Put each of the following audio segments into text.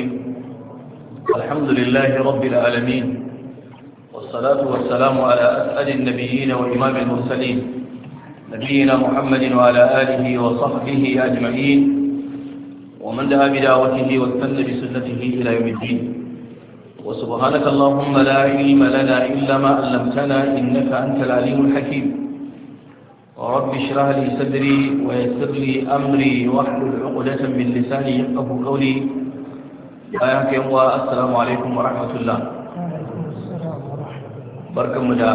الرحيم الحمد لله رب العالمين والصلاة والسلام على أسأل النبيين وإمام المرسلين نبينا محمد وعلى آله وصحبه أجمعين ومن دعا بدعوته واستنى بسنته إلى يوم الدين وسبحانك اللهم لا علم لنا إلا ما علمتنا إنك أنت العليم الحكيم ورب اشرح لي صدري ويسر لي امري واحلل عقدة من لساني يفقه قولي bayan ka yawa assalamu alaikum wa rahmatullah barkanmu da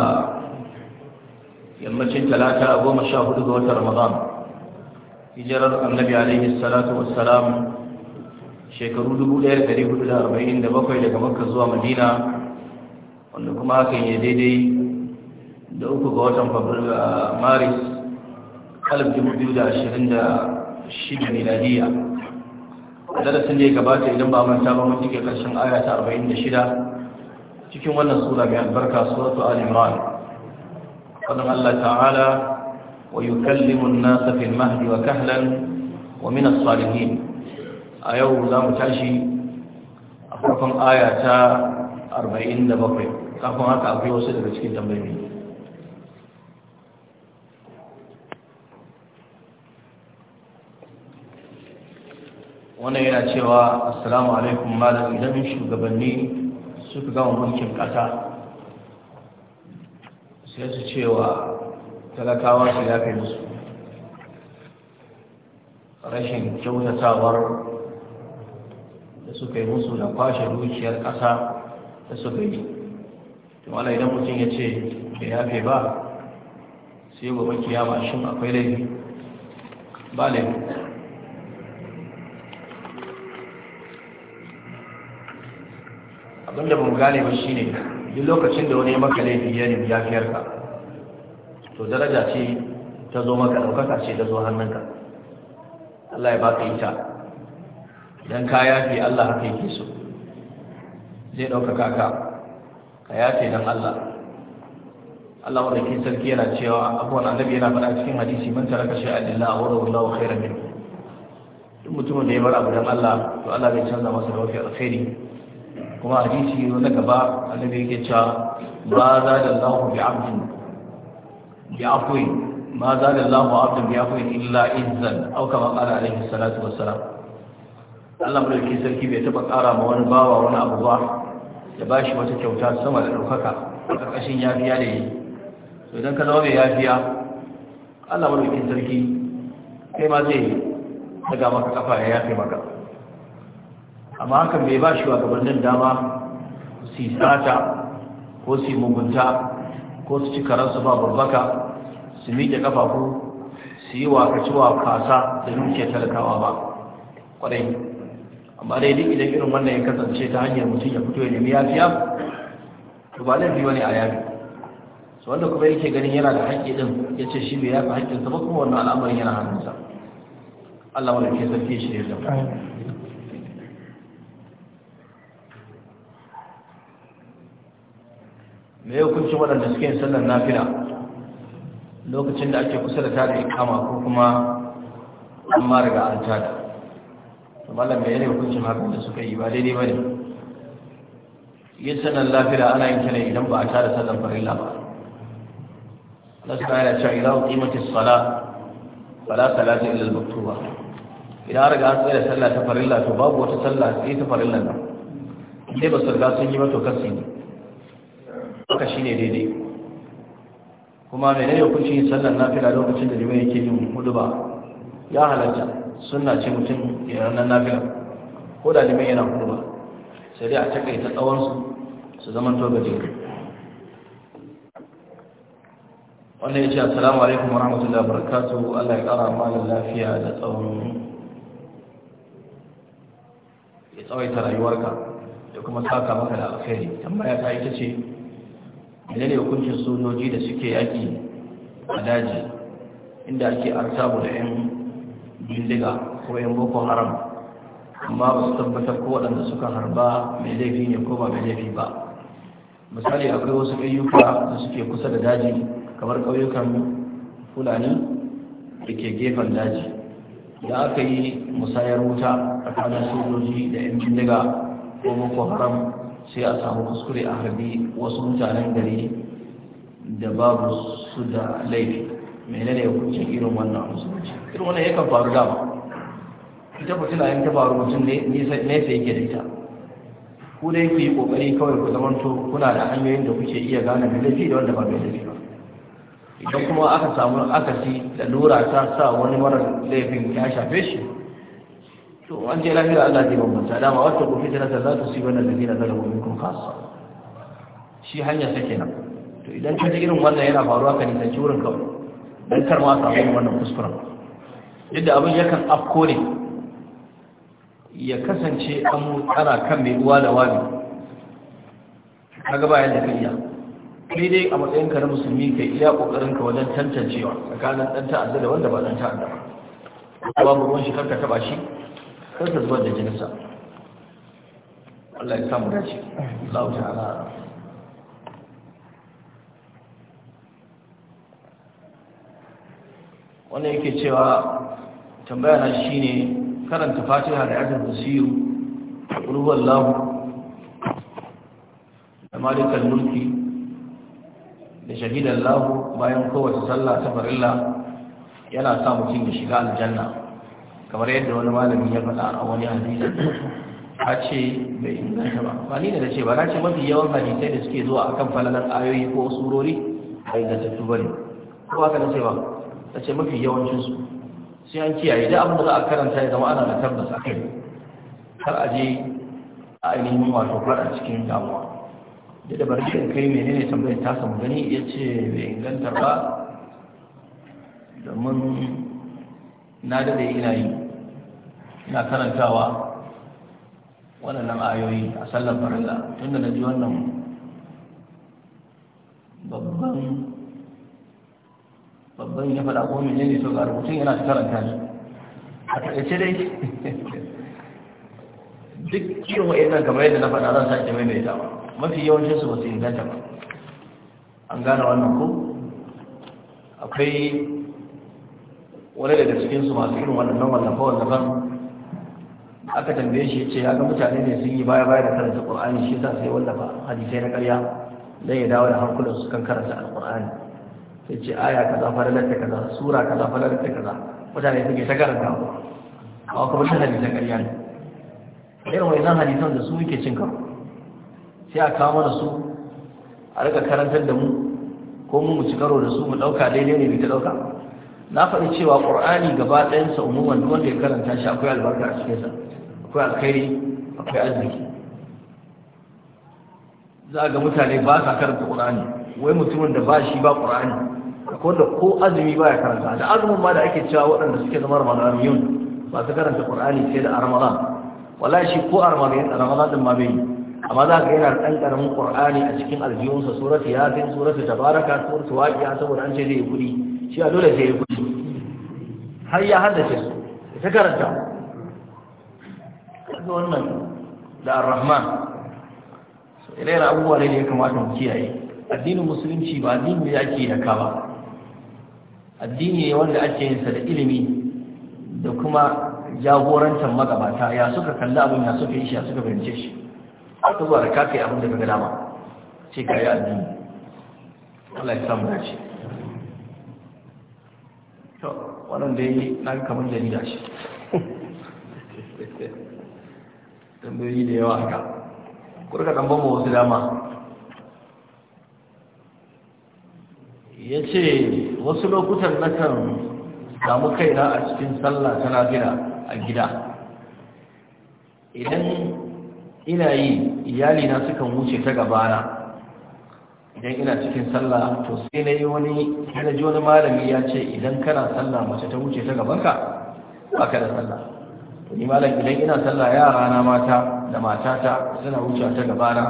yammacin talata goma sha hudu ga wata ramadan hijirar annabi alaihi salatu wassalam shekaru 1447 daga makka zuwa madina wanda kuma hakan ya daidai da uku ga watan fabrairu a maris 2026 miladiya darasin da ya gabata idan ba manta ba mun cike karshen aya ta 46 cikin wannan sura mai albarka suratu al-imran qadan Allah ta'ala wa yukallimu an-nasa fil mahdi wa kahlan wa min as-salihin ayau za mu tashi a farkon aya ta 47 kafin haka akwai wasu daga cikin tambayoyi wannan yana cewa assalamu alaikum malam idan shugabanni suka gama mulkin kasa sai su cewa talakawa su yafe musu rashin kyautatawar da suka yi musu da kwashe dukiyar kasa da suka yi wala idan mutum ya ce bai yafe ba sai gobe kiyama shin akwai laifi ba laifi abinda mu gane ba shine yi lokacin da wani ya maka laifi ya nemi yafiyarka to daraja ce ta zo maka ɗaukaka ce ta zo hannunka Allah ya baka ita idan ka yafi Allah haka yake so zai ɗaukaka ka ka yafe don Allah Allah wa rikin sarki yana cewa abubuwan annabi yana faɗa cikin hadisi man taraka shay'an lillahi wa rawalahu khairan minhu duk mutumin da ya bar abu don Allah to Allah zai canza masa da wafi alkhairi kuma hadisi na gaba annabi yake cewa ba za da lahu bi abdin bi afwi ma za da Allahu abdin bi afwi illa izzan auka kama qala alaihi salatu salam Allah mulki sarki bai taba kara ma wani bawa wani abu ba ya bashi wata kyauta sama da daukaka ya yafiya da yi to idan ka zama mai yafiya Allah mulki sarki kai ma zai daga maka kafa ya yafe maka amma hakan bai ba shi wa gabanin dama su yi sata ko su yi mugunta ko su ci karansu ba babbaka su miƙe ƙafafu su yi wakacewa kasa da nuke talakawa ba ƙwarai amma dai duk idan irin wannan ya kasance ta hanyar mutum ya fito ya nemi yafiya to ba fi wani a yafi su wanda kuma yake ganin yana da haƙƙi ɗin ya ce shi bai yafi haƙƙinsa ba kuma wannan al'amarin yana hannunsa Allah wani ke sarki shi ne da me hukuncin waɗanda suke yin sallar nafila lokacin da ake kusa da tada ikama ko kuma an ma an tada malam mai yanayi hukuncin hakan da suka yi ba daidai ba ne yin sallar nafila ana yin kira idan ba a tada sallar farilla ba Allah subhanahu wa ta'ala ya ce idan qimatis salat fala salata illa al-maktuba idan ga an da sallah ta farilla to babu wata sallah sai ta farilla ne sai ba su riga sun yi ba to kasu ne haka shine daidai kuma mai nai hukunci yin sallar nafila lokacin da jimai yake yin hudu ba ya halatta suna ce mutum ya ranar nafila ko da jimai yana hudu ba sai dai a takaita tsawonsu su su zama to wannan ya ce assalamu alaikum wa rahmatullahi wa barakatu Allah ya kara malin lafiya da tsawon ya tsawaita rayuwarka da kuma saka maka da alkhairi tambaya ta ita ce idan ne hukuncin sojoji da suke yaki a daji inda ake artabu da 'yan bindiga ko 'yan boko haram amma ba su tabbatar ko waɗanda suka harba mai laifi ne ko ba mai laifi ba misali akwai wasu ƙauyuka da suke kusa da daji kamar ƙauyukan fulani da ke gefen daji da aka yi musayar wuta tsakanin sojoji da 'yan bindiga ko boko haram sai a samu kuskure a harbi wasu mutanen gari da babu su da laifi mai ne kunce irin wannan musulunci irin wannan yakan faru dama ita fitila yin ta faru mutum ne nesa yake da ita ku dai ku yi kokari kawai ku zamanto kuna da hanyoyin da kuke iya gane da laifi da wanda ba mai laifi ba idan kuma aka samu akasi da lura ta sa wani marar laifin ya shafe shi to an je lafiya Allah zai bambanta dama wata ku fitna ta za su ta siba na ladina zalamu minkum khassa shi hanya take nan to idan ka ji irin wannan yana faruwa ka nisanci wurin kawai dan kar ma samu wannan kuskuren yadda abin yakan afko ne ya kasance an tsara kan mai uwa da wani kaga ba yadda ka iya kai dai a matsayin ka na musulmi kai iya kokarin ka wajen tantancewa tsakanin dan ta'adda da wanda ba dan ta'adda ba babu ruwan shi karka taba shi kar ka da jinsa Allah ya samu dace Allah ta'ala wannan yake cewa tambaya na shine karanta Fatiha da ayatul kursiyu qul huwallahu da malikal mulki da shahidan lahu bayan kowace sallah ta farilla yana sa mutum ya shiga aljanna kamar yadda wani malami ya faɗa a wani hadisi a ce bai inganta ba ba ni da na ce ba na ce mafi yawan hadisai da suke zuwa akan falalar ayoyi ko surori a ingantattu ba ne ko haka na ce ba Ta ce mafi yawancinsu sai an kiyaye da abin da za a karanta ya zama ana da tabbas a kai kar a je a ainihin wato faɗa cikin damuwa da da barci in kai menene tambayar ta samu gani ya ce bai inganta ba domin na da ina yi ina karantawa waɗannan ayoyi a sallar farilla tunda na ji wannan babban babban ya faɗa ko ne ne so ga rubutun yana karanta ne. a taƙaice dai duk wa'in nan kamar yadda na faɗa zan sa mai mai dawa mafi yawancin su ba su inganta ba an gane wannan ko akwai wani daga cikinsu masu irin wannan wannan wallafa wallafan aka tambaye shi ce ya ga mutane ne sun yi baya baya da karanta qur'ani shi yasa sai wallafa hadisai na ƙarya dan ya dawo da hankulan su kan karanta alqur'ani sai ce aya kaza falalar ta kaza sura kaza falalar ta kaza mutane suke ta karanta ba kuma ta hadisan ƙarya ne irin wannan hadisan da su muke cin karo sai a kawo mana su a rika karantar da mu ko mu ci karo da su mu dauka daidai ne bai ta dauka na faɗi cewa ƙur'ani gaba ɗayansa umuman duk wanda ya karanta shi akwai albarka a cikinsa akwai alkhairi akwai arziki za ga mutane ba sa karanta qur'ani wai mutumin da ba shi ba qur'ani akwai da ko azumi ba ya karanta da azumin ma da ake cewa waɗanda suke zama ramadaniyun ba su karanta qur'ani sai da ramadan wallahi shi ko ramadan ramadan din ma bai yi amma za ka yana ɗan ƙaramin ƙur'ani a cikin aljihunsa suratu yasin ta tabaraka suratu waƙiya saboda an ce zai yi kuɗi shi a dole sai ya kuɗi har ya haddace su ta karanta kaga wannan da ar-rahman so irin abubuwa ne da ya kamata mu kiyaye addinin musulunci ba addini ne ake da ka ba addini ne wanda ake yin sa da ilimi da kuma jagorantar magabata ya suka kalli abin ya suka yi shi ya suka fahimce shi ta zuwa da kakai abin da gada dama ce ka yi addini Allah ya samu dace to wannan da yi na kamar jarida shi. tambayoyi da yawa haka ka dan ba wasu dama ya ce wasu lokutan na kan samu kaina a cikin sallah ta nafila a gida idan ina yi iyalina sukan wuce ta gabana idan ina cikin sallah to sai na yi wani ji wani malami ya ce idan kana sallah mace ta wuce ta gabanka ba ka da sallah to ni malam idan ina sallah yara na mata da matata suna wucewa ta gabana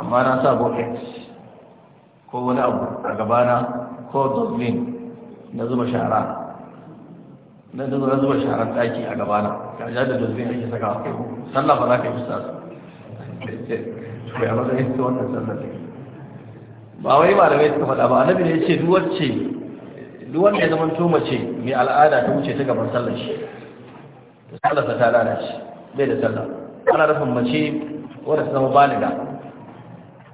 amma na sa bucket ko wani abu a gabana ko dustbin na zuba shara na zuba sharan daki a gabana ka ja da dustbin ake saka sallah ba za ka yi ko ya maza yin wannan sallar ne ba wai malamai suka faɗa ba annabi ne ya ce duwace duwan ya zama to mai al'ada ta wuce ta gaban sallar shi sallarsa ta lalace bai da sallah ana rufin mace wadda ta zama baliga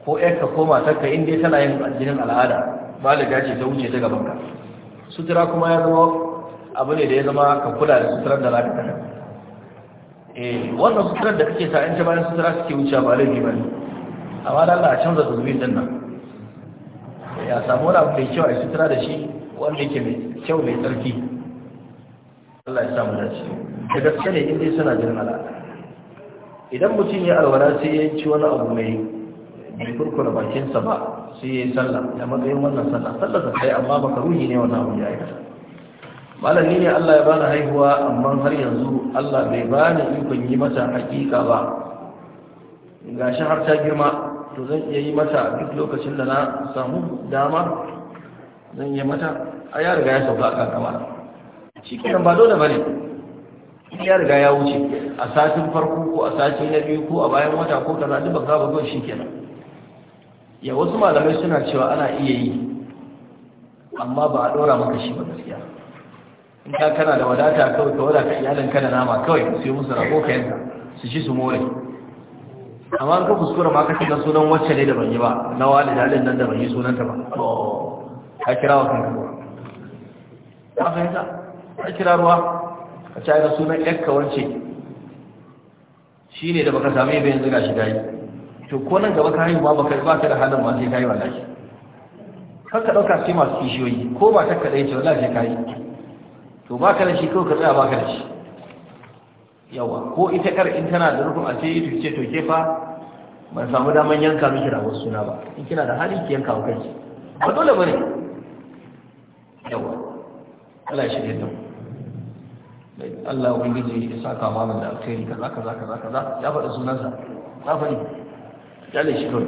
ko yanka ko matarka in dai tana yin jinin al'ada baliga ce ta wuce ta gaban ka sutura kuma ya zama abu ne da ya zama ka kula da suturar da zaka taka eh wannan suturar da kake sa in ta bayan sutura suke wuce ba laifi ba ne amma da Allah a canza zubin din nan ya samu wani abu mai kyau a sutura da shi wanda yake mai kyau mai tsarki Allah ya samu dace da gaske ne inda suna jin idan mutum ya alwala sai ya ci wani abu mai mai bakinsa ba sai ya yi sallah ya matsayin wannan sallah sallah ta kai amma baka ruhi ne wannan abu ya yi ni ne Allah ya bani haihuwa amma har yanzu Allah bai bani ikon yi mata hakika ba Ga shi har ta girma to zan iya yi mata duk lokacin da na samu dama zan yi mata a ya riga ya sauka a kamar shi kenan ba dole bane ya riga ya wuce a satin farko ko a sati na biyu ko a bayan wata ko kaza duk ba ka ba shi kenan ya wasu malamai suna cewa ana iya yi amma ba a dora maka shi ba gaskiya in ka kana da wadata kawai ka wadata iyalin ka da nama kawai su yi musu rago ka yanka su ci su more amma an ka kuskura ma ka shiga sunan wacce ne da ban yi ba na wani dalilin nan da ban yi sunanta ba oh, ka kira wa kanka ba ka fahimta a kira ruwa a ci da sunan yakka wance shine da baka sami bayan yanzu shi dai to ko nan gaba ka haihu ba baka ba ka da halin ma sai kai wallahi kar ka dauka shi masu kishiyoyi ko ba ta kadai ce wallahi sai kai to ka da shi ko ka tsaya ka da shi yawa ko ita kar in tana da rukun a ce ita ce to ke fa ban samu daman yanka miki rawar suna ba in kina da hali ki yanka wa ki. ba dole bane yawa Allah ya shirye ta mu Allah ubangiji ya saka mana da alkhairi kaza kaza kaza kaza ya faɗi sunansa na faɗi ya le shi kawai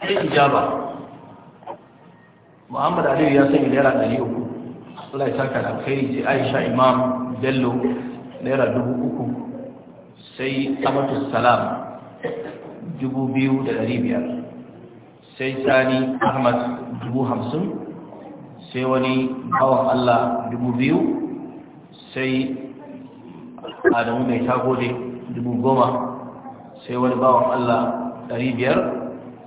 sai ijaba Muhammad Aliyu ya sanya naira ɗari uku Allah ya saka da alkhairi sai Aisha Imam Bello naira dubu uku sai Amatu Salam dubu biyu da ɗari biyar sai Sani Ahmad dubu hamsin sai wani bawan Allah dubu biyu sai adamu mai tagode dubu goma sai wani bawan Allah dari biyar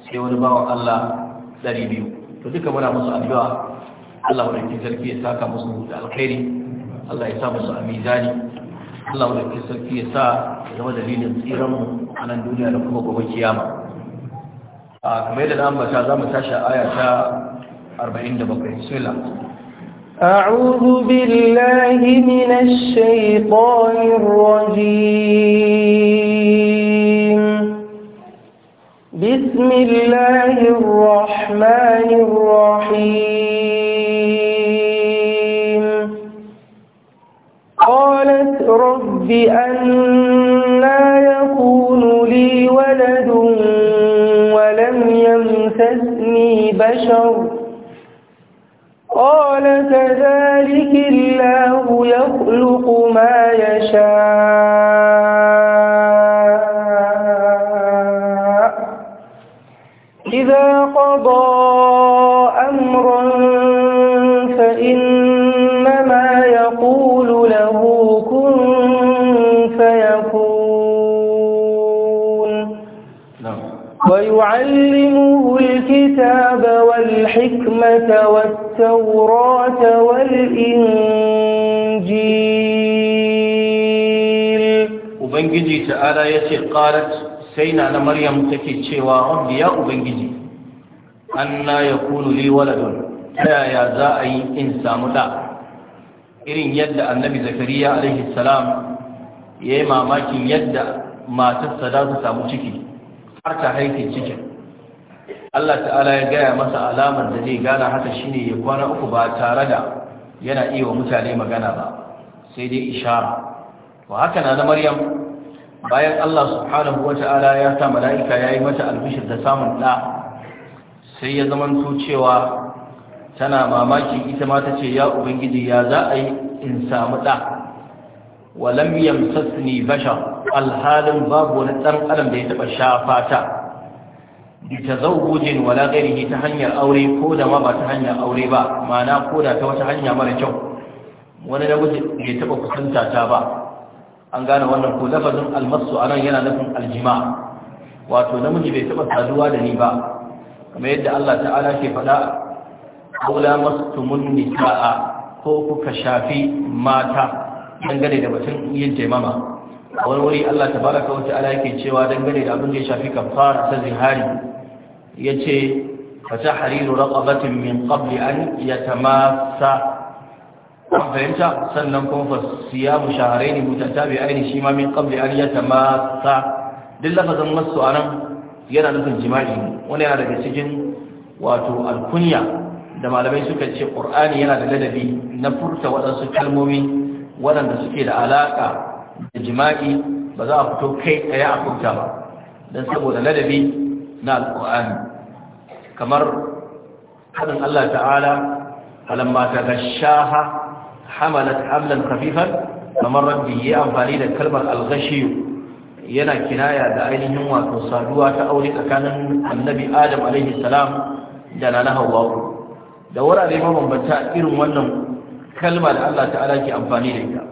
sai wani bawan Allah dari biyu to duka muna musu addu'a Allah wadda sarki ya saka musu da alkhairi Allah ya sa musu amizani? Allah Allah wadda sarki ya sa ya zama dalilin tsiranmu a nan duniya da kuma gobe kiyama a kamar yadda na ambata za mu tashi aya ta 47 بسم الله أعوذ بالله من الشيطان الرجيم بسم الله الرحمن الرحيم قالت رب أنا يكون لي ولد ولم يمسسني بشر قال كذلك الله يخلق ما يشاء إذا قضى أمرا فإنما يقول له كن فيكون نعم. ويعلمه الكتاب والحكمة والتوراة والإنجيل وبنجي تعالى يتي قالت سينا مريم تكي تشيوى ربي يا أبنجي أنا يكون لي ولد يا يا زائي إنسان لا irin yadda annabi zakariya alaihi salam ya yi mamakin yadda matarsa za su samu ciki har ta haife cikin Allah ta'ala ya gaya masa alamar da zai gana haka shine ya kwana uku ba tare da yana iya wa mutane magana ba sai dai ishara Wa haka na na maryam bayan Allah subhanahu ta'ala ya sa mala'ika yayi mata albishir da samun da sai ya zamanto cewa tana mamaki ita ma ta ce ya ubangiji ya za a yi in samu ɗa walam yamsasni bashar alhalin babu wani ɗan adam da ya taɓa shafa ta bi tazawujin wala ghairihi ta hanyar aure ko da ma ba ta hanyar aure ba ma'ana ko da ta wata hanya mara kyau wani namiji bai taba kusanta ta ba an gane wannan ko lafazin almasu anan yana nufin aljima wato namiji bai taba saduwa da ni ba kamar yadda Allah ta'ala ke faɗa aula mastumun nisa'a ko kuka shafi mata da batun yin taimama a wani wuri Allah tabaraka wa ala yake cewa dangane da abin da ya shafi kafara ta zihari yace fa tahriru raqabatin min qabli an yatamassa fahimta sannan kuma fa siyamu shahrayn mutatabi'ain shi ma min qabli an yatamassa duk lafazin masu anan yana nufin jima'i wani yana daga cikin wato alkunya da malamai suka ce ƙur'ani yana da ladabi na furta waɗansu kalmomi waɗanda suke da alaƙa da jima'i ba za a fito kai ɗaya a furta ba don saboda ladabi na alƙur'ani kamar haɗin Allah ta'ala falamma ta gashaha hamalat hamlan khafifan kamar rabbi yi amfani da kalmar algashi yana kinaya da ainihin wato saduwa ta aure tsakanin annabi adam alaihi salam da na na hawa da wurare mabambanta irin wannan kalma da Allah ta'ala ke amfani da ita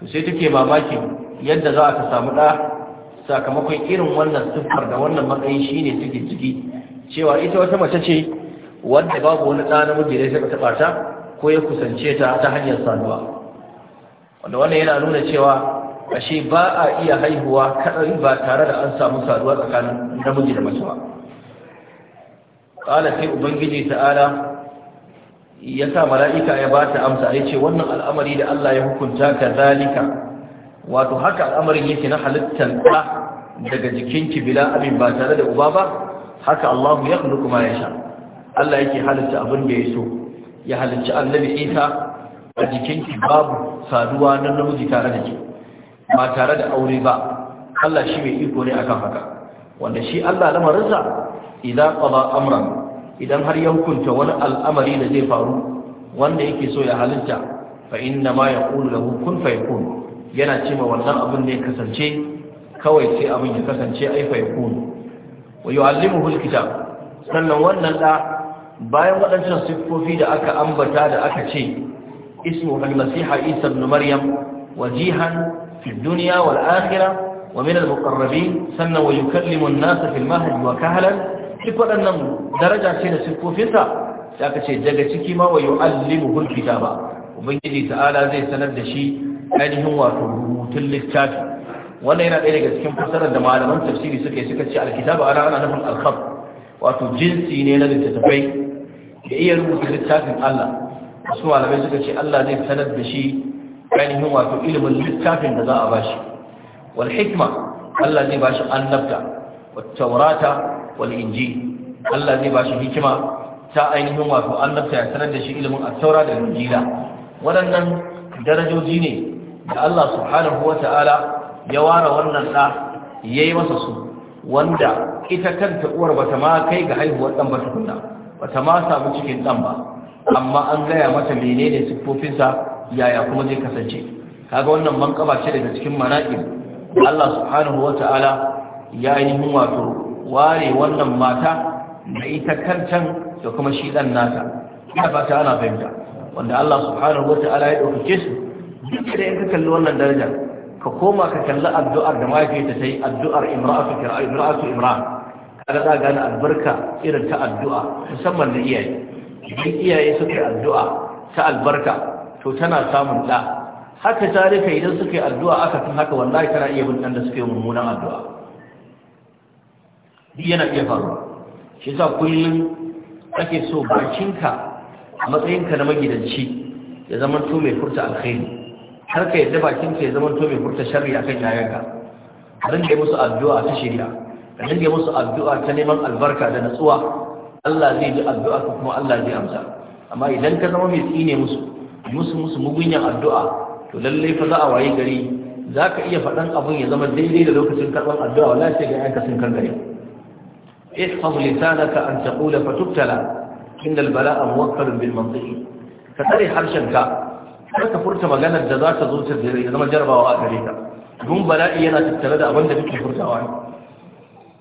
to sai take mamakin yadda za ka samu ɗa sakamakon irin wannan siffar da wannan matsayi shine cikin ciki cewa ita wata mace ce wadda babu wani ɗa namiji da ya taɓa ta ko ya kusance ta ta hanyar saduwa wanda wannan yana nuna cewa ashe ba a iya haihuwa kaɗai ba tare da an samu saduwa tsakanin namiji da mace ba ƙala sai ubangiji ta'ala ya sa mala'ika ya ba ta amsa ya ce wannan al'amari da Allah ya hukunta ka zalika wato haka al'amarin yake na halittar ɗa daga jikinki bila abin ba tare da uba ba haka Allahu ya kuma ya sha. Allah yake halitta abin da ya so ya halicci annabi Isa a jikinki babu saduwa na namiji tare da ke ba tare da aure ba Allah shi mai iko ne akan haka wanda shi Allah lamarinsa idan qada amran idan har ya hukunta wani al'amari da zai faru wanda yake so ya halitta fa inna ma yaqulu lahu kun fayakun yana ce ma wannan abin da ya kasance kawai sai abin ya kasance aifa ya kunu wa yu'allimuhu alkitab sannan wannan da bayan waɗancan siffofi da aka ambata da aka ce ismu al-masiha isa ibn maryam wajihan fi dunya wal akhirah wa min al-muqarrabin sannan wa yukallimu an nasa fi al-mahd wa kahlan duk waɗannan daraja ce da siffofinsa da aka ce daga ciki ma wa yu'allimuhu ba ubangiji ta'ala zai sanar da shi ainihin wato rubutun littafi wannan yana ɗaya daga cikin fasarar da malaman tafsiri suka yi suka ce alkitabu ana ana nufin alkhab wato jinsi ne na littattafai da iya rubuta littafin Allah wasu malamai suka ce Allah zai sanar da shi ainihin wato ilimin littafin da za a bashi wal hikma Allah zai bashi annabta wat taurata wal inji. Allah zai bashi hikima ta ainihin wato annabta ya sanar da shi ilimin at-taura da injila waɗannan darajoji ne da Allah subhanahu wa ta'ala ya ware wannan ɗa ya yi masa su wanda ita kanta uwar bata ma kai ga haihuwar ɗan ba tukunna bata ma samu cikin ɗan ba amma an gaya mata menene sa yaya kuma zai kasance kaga wannan mankaba ce daga cikin manaƙib Allah subhanahu wa ta'ala ya yi wato ware wannan mata da ita kancan da kuma shi ɗan nata ina fata ana fahimta wanda Allah subhanahu wa ta'ala ya ɗaukake su duk da in ka kalli wannan daraja ka koma ka kalli addu'ar da mahaifiyarta ta yi addu'ar imra'atu imra'atu ka kaga za gane albarka irin ta addu'a musamman da iyaye idan iyaye suka yi addu'a ta albarka to tana samun ɗa haka ka idan suka yi addu'a aka fi haka wallahi tana iya bin ɗan da suka yi mummunan addu'a duk yana iya faruwa shi sa kullum ake so bakinka a matsayinka na magidanci ya zama to mai furta alkhairi har ka yadda bakin ka ya zama to mai furta sharri akan yayanka ka dinga musu addu'a ta shirya. ka dinga musu addu'a ta neman albarka da natsuwa Allah zai ji addu'a ka kuma Allah zai amsa amma idan ka zama mai tsine musu musu musu mugunyan addu'a to lallai fa za a waye gari za ka iya faɗan abun ya zama daidai da lokacin karɓar addu'a wala sai ga yanka sun kan gare ihfaz lisanaka an taqula fatubtala inda albala'a muwakkalun bil mantiqi ka harshen ka. kar ka furta maganar da za ta zo ta zama jarabawa a gare ka dun bala'i yana tattare da abin da kake furtawa ne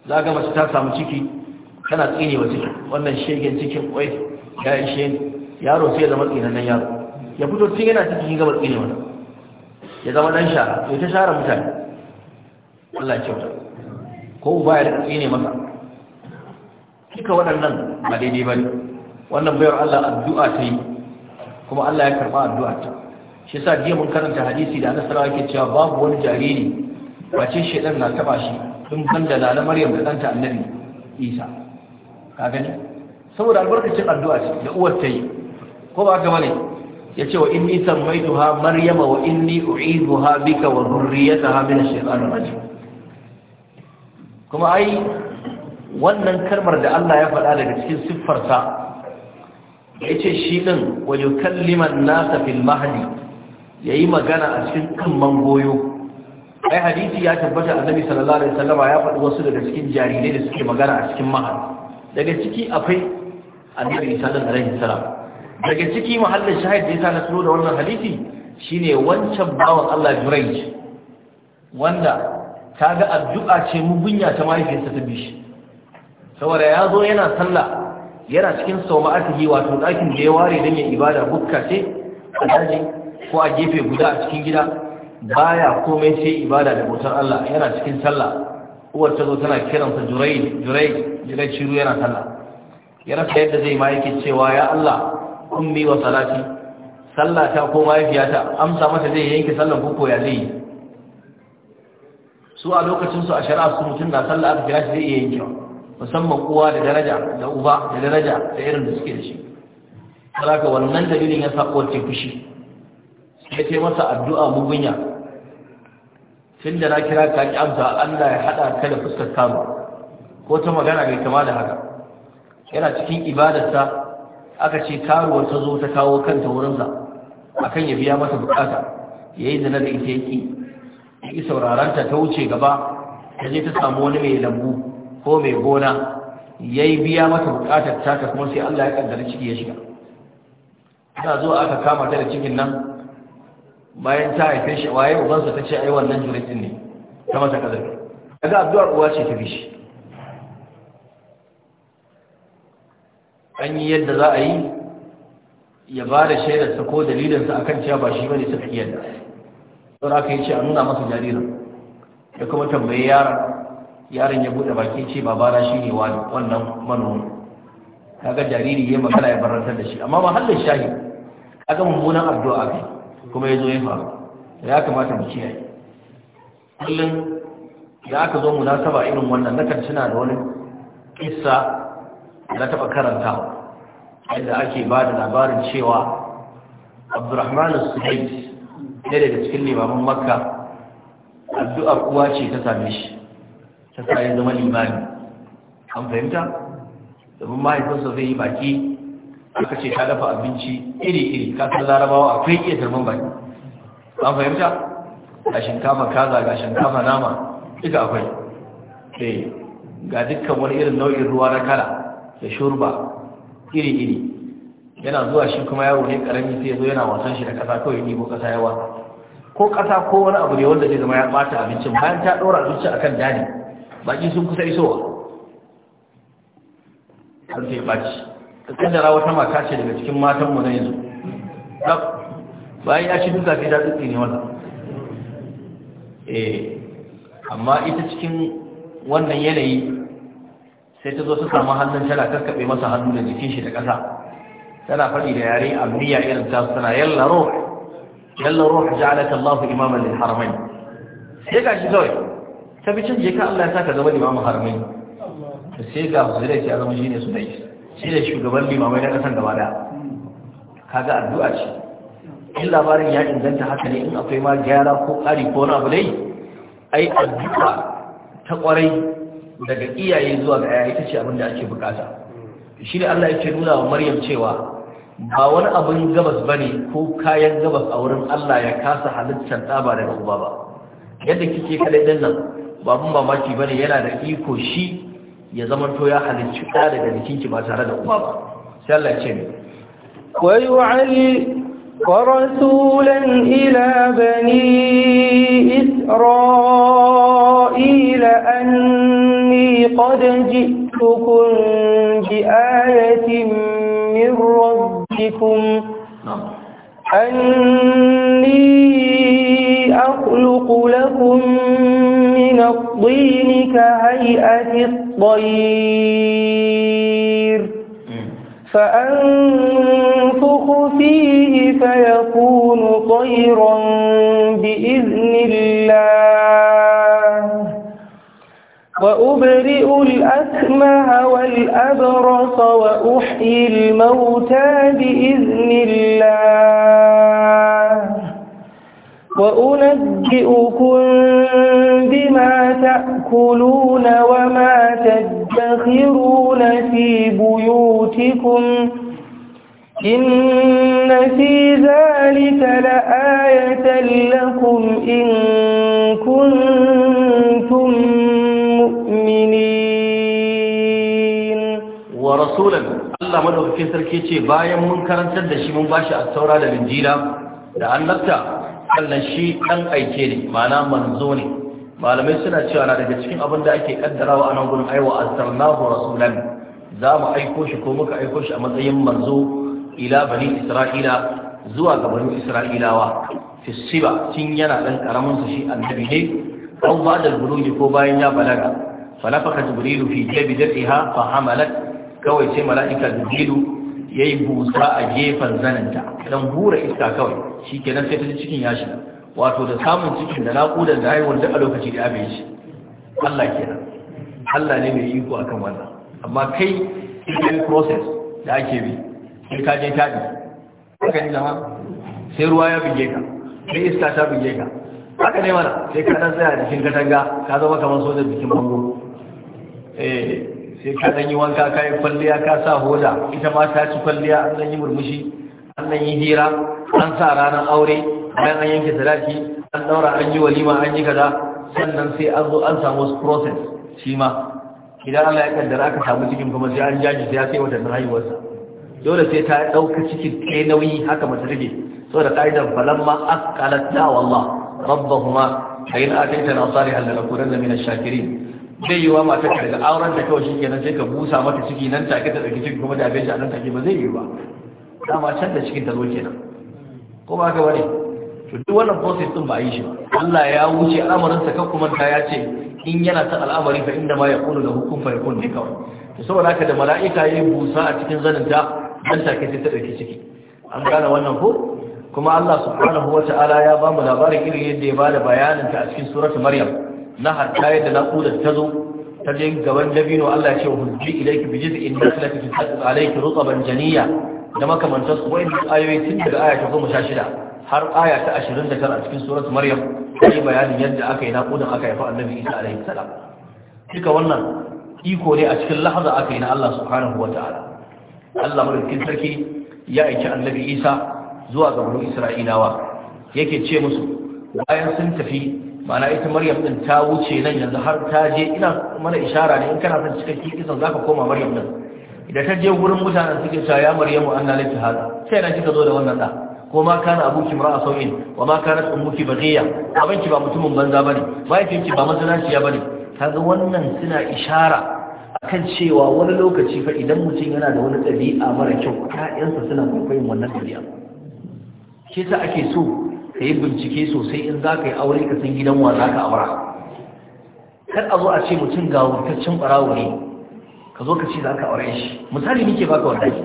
za ga mace ta samu ciki tana tsini wa ciki wannan shegen cikin kwai ya yi shi yaro sai ya zama nan yaro ya fito tun yana cikin gabar tsini wani ya zama dan shara ya ta share mutane Allah kyauta ko ba ya tsine masa kika waɗannan ba daidai ba ne wannan bayar Allah addu'a ta yi kuma Allah ya karba addu'a ta shi yasa jiya mun karanta hadisi da Anas yake cewa babu wani jariri wace shedan na taba shi dun banda da na Maryam da danta Annabi Isa ka gani saboda albarkacin addu'a ce da uwar ta yi ko ba haka bane yace wa inni sammaituha maryama wa inni u'iduha bika wa dhurriyyataha min ash-shaytanir rajim kuma ai wannan kalmar da Allah ya faɗa daga cikin siffarsa ya ce shi ɗin wajen kalliman nasa fil mahadi ya yi magana a cikin kan goyo ai hadisi ya tabbata annabi sallallahu alaihi wasallam ya faɗi wasu daga cikin jarirai da suke magana a cikin mahadi daga ciki akwai annabi sallallahu alaihi wasallam daga ciki mahallin shahid da yasa na tsoro da wannan hadisi shine wancan bawan Allah Jurayj wanda kaga addu'a ce mugunya ta mahaifinsa ta bishi saboda ya zo yana sallah yana cikin sauma sauma'atihi wato ɗakin da ya ware don yin ibada bukka ce a daji ko a gefe guda a cikin gida baya komai sai ibada da bautar Allah yana cikin sallah uwar ta zo tana kiransa jurai jurai jurai shiru yana sallah ya rasa yadda zai ma yake cewa ya Allah ummi wa salati sallata ko mahaifiyata amsa mata zai yanke sallah ko ya zai su a lokacin su a shari'a su mutum na sallah aka kira shi zai iya yankewa musamman kowa da daraja da uba da daraja da irin da suke da shi saboda wannan dalilin ya sako ce fushi sai ce masa addu'a mugunya tun da na kira ka ki amsa Allah ya haɗa ka da fuskar kama ko ta magana mai kama da haka yana cikin ibadarsa aka ce karuwar ta zo ta kawo kanta wurinsa akan ya biya masa bukata yayi zina da ita ya yi sauraranta ta wuce gaba ta je ta samu wani mai lambu ko mai gona ya yi biya mata bukatar taka kuma sai Allah ya kaddara ciki ya shiga Ina zo aka kama ta da cikin nan bayan ta haife shi waye ubansa ta ce ai wannan juritin ne ta mata kazafi kaga addu'ar uwa ce ta bi shi an yi yadda za a yi ya ba da sa ko dalilinsa akan cewa ba shi bane suka iya da don aka yi ce a nuna masa jaririn da kuma tambayi yaran yaron ya bude baki ce babana shine wannan manomi kaga jariri ya magana ya barantar da shi amma mahallin shahi kaga mummunan addu'a kai kuma yazo ya faru ya kamata mu kiyaye kullum da aka zo munasaba irin wannan na tuna da wani kissa na taba karanta yadda ake ba da labarin cewa Abdurrahman as-Suhaib ne daga cikin limamin Makka addu'a uwa ce ta same shi ta sa ya zama Limani. an fahimta domin mahaifinsa zai yi baki aka ce ta dafa abinci iri-iri kasar larabawa akwai iya tarban baki an fahimta ga shinkafa kaza ga shinkafa nama duka akwai sai eh, ga dukkan wani irin nau'in ruwa na kala da shurba iri-iri yana zuwa shi kuma yaro ne karami sai zo yana wasan shi da kasa kawai ne ko kasa yawa ko kasa ko wani abu ne wanda zai zama ya bata abincin bayan ta dora abincin akan dani baki sun kusa isowa har sai baci ka kaddara wata mata ce daga cikin matan mu na yanzu bayan ya ci duka sai da tsitsi ne wannan eh amma ita cikin wannan yanayi sai ta zo su samu hannun tana kaskaɓe masa hannu da jikin shi da ƙasa tana faɗi da yare amniya irin ta tana yalla ruh yalla ruh ja'alaka Allahu imaman lil haramain sai gashi kawai ka bi canje ka Allah ya saka zama limamin harmai sai ga zirai ce a zama shine su dai shi da shugaban limamai na kasan gaba daya kaga addu'a ce in labarin ya inganta haka ne in akwai ma gyara ko ƙari ko wani abu dai ai addu'a ta kwarai daga iyaye zuwa ga yaya ita ce abin da ake bukata shi ne Allah yake nuna wa Maryam cewa ba wani abin gabas bane ko kayan gabas a wurin Allah ya kasa halittar ba daga uba ba yadda kike kadai din nan babun mamaki bane yana da iko shi ya zamanto ya halicci ka daga jikinki ba tare da kuma ba sai Allah ce ne wa yu'ali ila bani isra'ila anni qad ji'tukum bi ayatin min rabbikum أني الطين كهيئة الطير فأنفخ فيه فيكون طيرا بإذن الله وأبرئ الأكمه والأبرص وأحيي الموتى بإذن الله وأنبئكم بما تأكلون وما تدخرون في بيوتكم إن في ذلك لآية لكم إن كنتم مؤمنين ورسولا الله مدعو في سركيتي بايا من كرنتد شمون باشا التوراة للإنجيلة لأن نبتأ sannan shi ɗan aike ne ma'ana manzo ne malamai suna cewa na daga cikin abin da ake ƙaddarawa a nan gurin aiwa arsalnahu rasulan za mu aiko shi ko muka aiko shi a matsayin manzo ila bani isra'ila zuwa ga bani isra'ilawa fisiba tun yana ɗan ƙaramin sa shi annabi ne an ba da buluji ko bayan ya balaga falafaka jibrilu fi jabi dafiha fa hamalat kawai sai mala'ika jibrilu ya yi busa a gefen zaninta don hura iska kawai shi kenan sai ta ji cikin ya shiga wato da samun cikin da naƙudar da haihuwar duk a lokaci da abin shi Allah kenan Allah ne mai iko akan wannan amma kai ikin process da ake bi sai ka je taɗi haka ne zama sai ruwa ya buge ka sai iska ta buge ka haka ne mana sai ka ɗan tsaya da cikin katanga ka zama kamar sojan bikin bango eh sai ka ɗanyi yi wanka ka yi kwalliya ka sa hoda ita ma ta ci kwalliya an ɗanyi murmushi an ɗanyi yi hira an sa ranar aure bayan an yanke sadaki an ɗaura an yi walima an yi kaza sannan sai an zo an samu wasu process shi ma idan Allah ya kaddara aka samu cikin kuma sai an jaji sai ya sai watannin haihuwarsa dole sai ta ɗauka cikin kai nauyi haka mace take saboda ka'idar balamma a da wallah ta na tsari salihan kudan da mina shakirin zai yi wa mata ka daga auren ta kawai nan sai ka busa mata ciki nan take ta dauki ciki kuma da abin shi a nan take ba zai yi ba dama can da cikin ta zo kenan ko ba ka bane to duk wannan process din ba a yi shi ba Allah ya wuce al'amarin sa kan kuma ta ya ce in yana ta al'amari fa inda ma ya kulu da hukum fa yakun ne kawai to saboda haka da mala'ika yayin busa a cikin zanin ta dan take sai ta dauki ciki an gane wannan ko kuma Allah subhanahu ta'ala ya ba mu labarin irin yadda ya bada bayanin ta a cikin suratul maryam na hatta yadda naƙudar ta zo ta je gaban dabino Allah ya ce hujji ilaiki bi fitar naklati tasaqqa rutsa ban janiya da makamantar su wayin ayoyi tun daga aya ta shida, har aya ta tara a cikin suratul maryam sai bayanin yadda aka yi naƙudan aka haifa annabi Isa alaihi salam duka wannan iko ne a cikin lahaza aka yi na Allah subhanahu wataala Allah madaukakin sarki ya aiki annabi Isa zuwa ga banu Isra'ilawa yake ce musu bayan sun tafi Mana ita maryam din ta wuce nan yanzu har ta je ina mana ishara ne in kana son cikakken kisan zaka koma maryam din idan ta je gurin mutanen suke cewa ya wa anna laki hada sai na kika zo da wannan da ko ma kana abuki mar'a sauyin? wa ma kanat ummuki baghiya ki ba mutumin banza bane ki ba ya bane kaga wannan suna ishara akan cewa wani lokaci fa idan mutum yana da wani dabi'a mara kyau Ya'yansa suna kwaikwayon wannan dabi'a shi ake so ka yi bincike sosai in za ka yi aure ka san gidan wa za ka aura kar a zo a ce mutum ga wutaccen ɓarawo ne ka zo ka ce za ka aure shi misali nike baka wallahi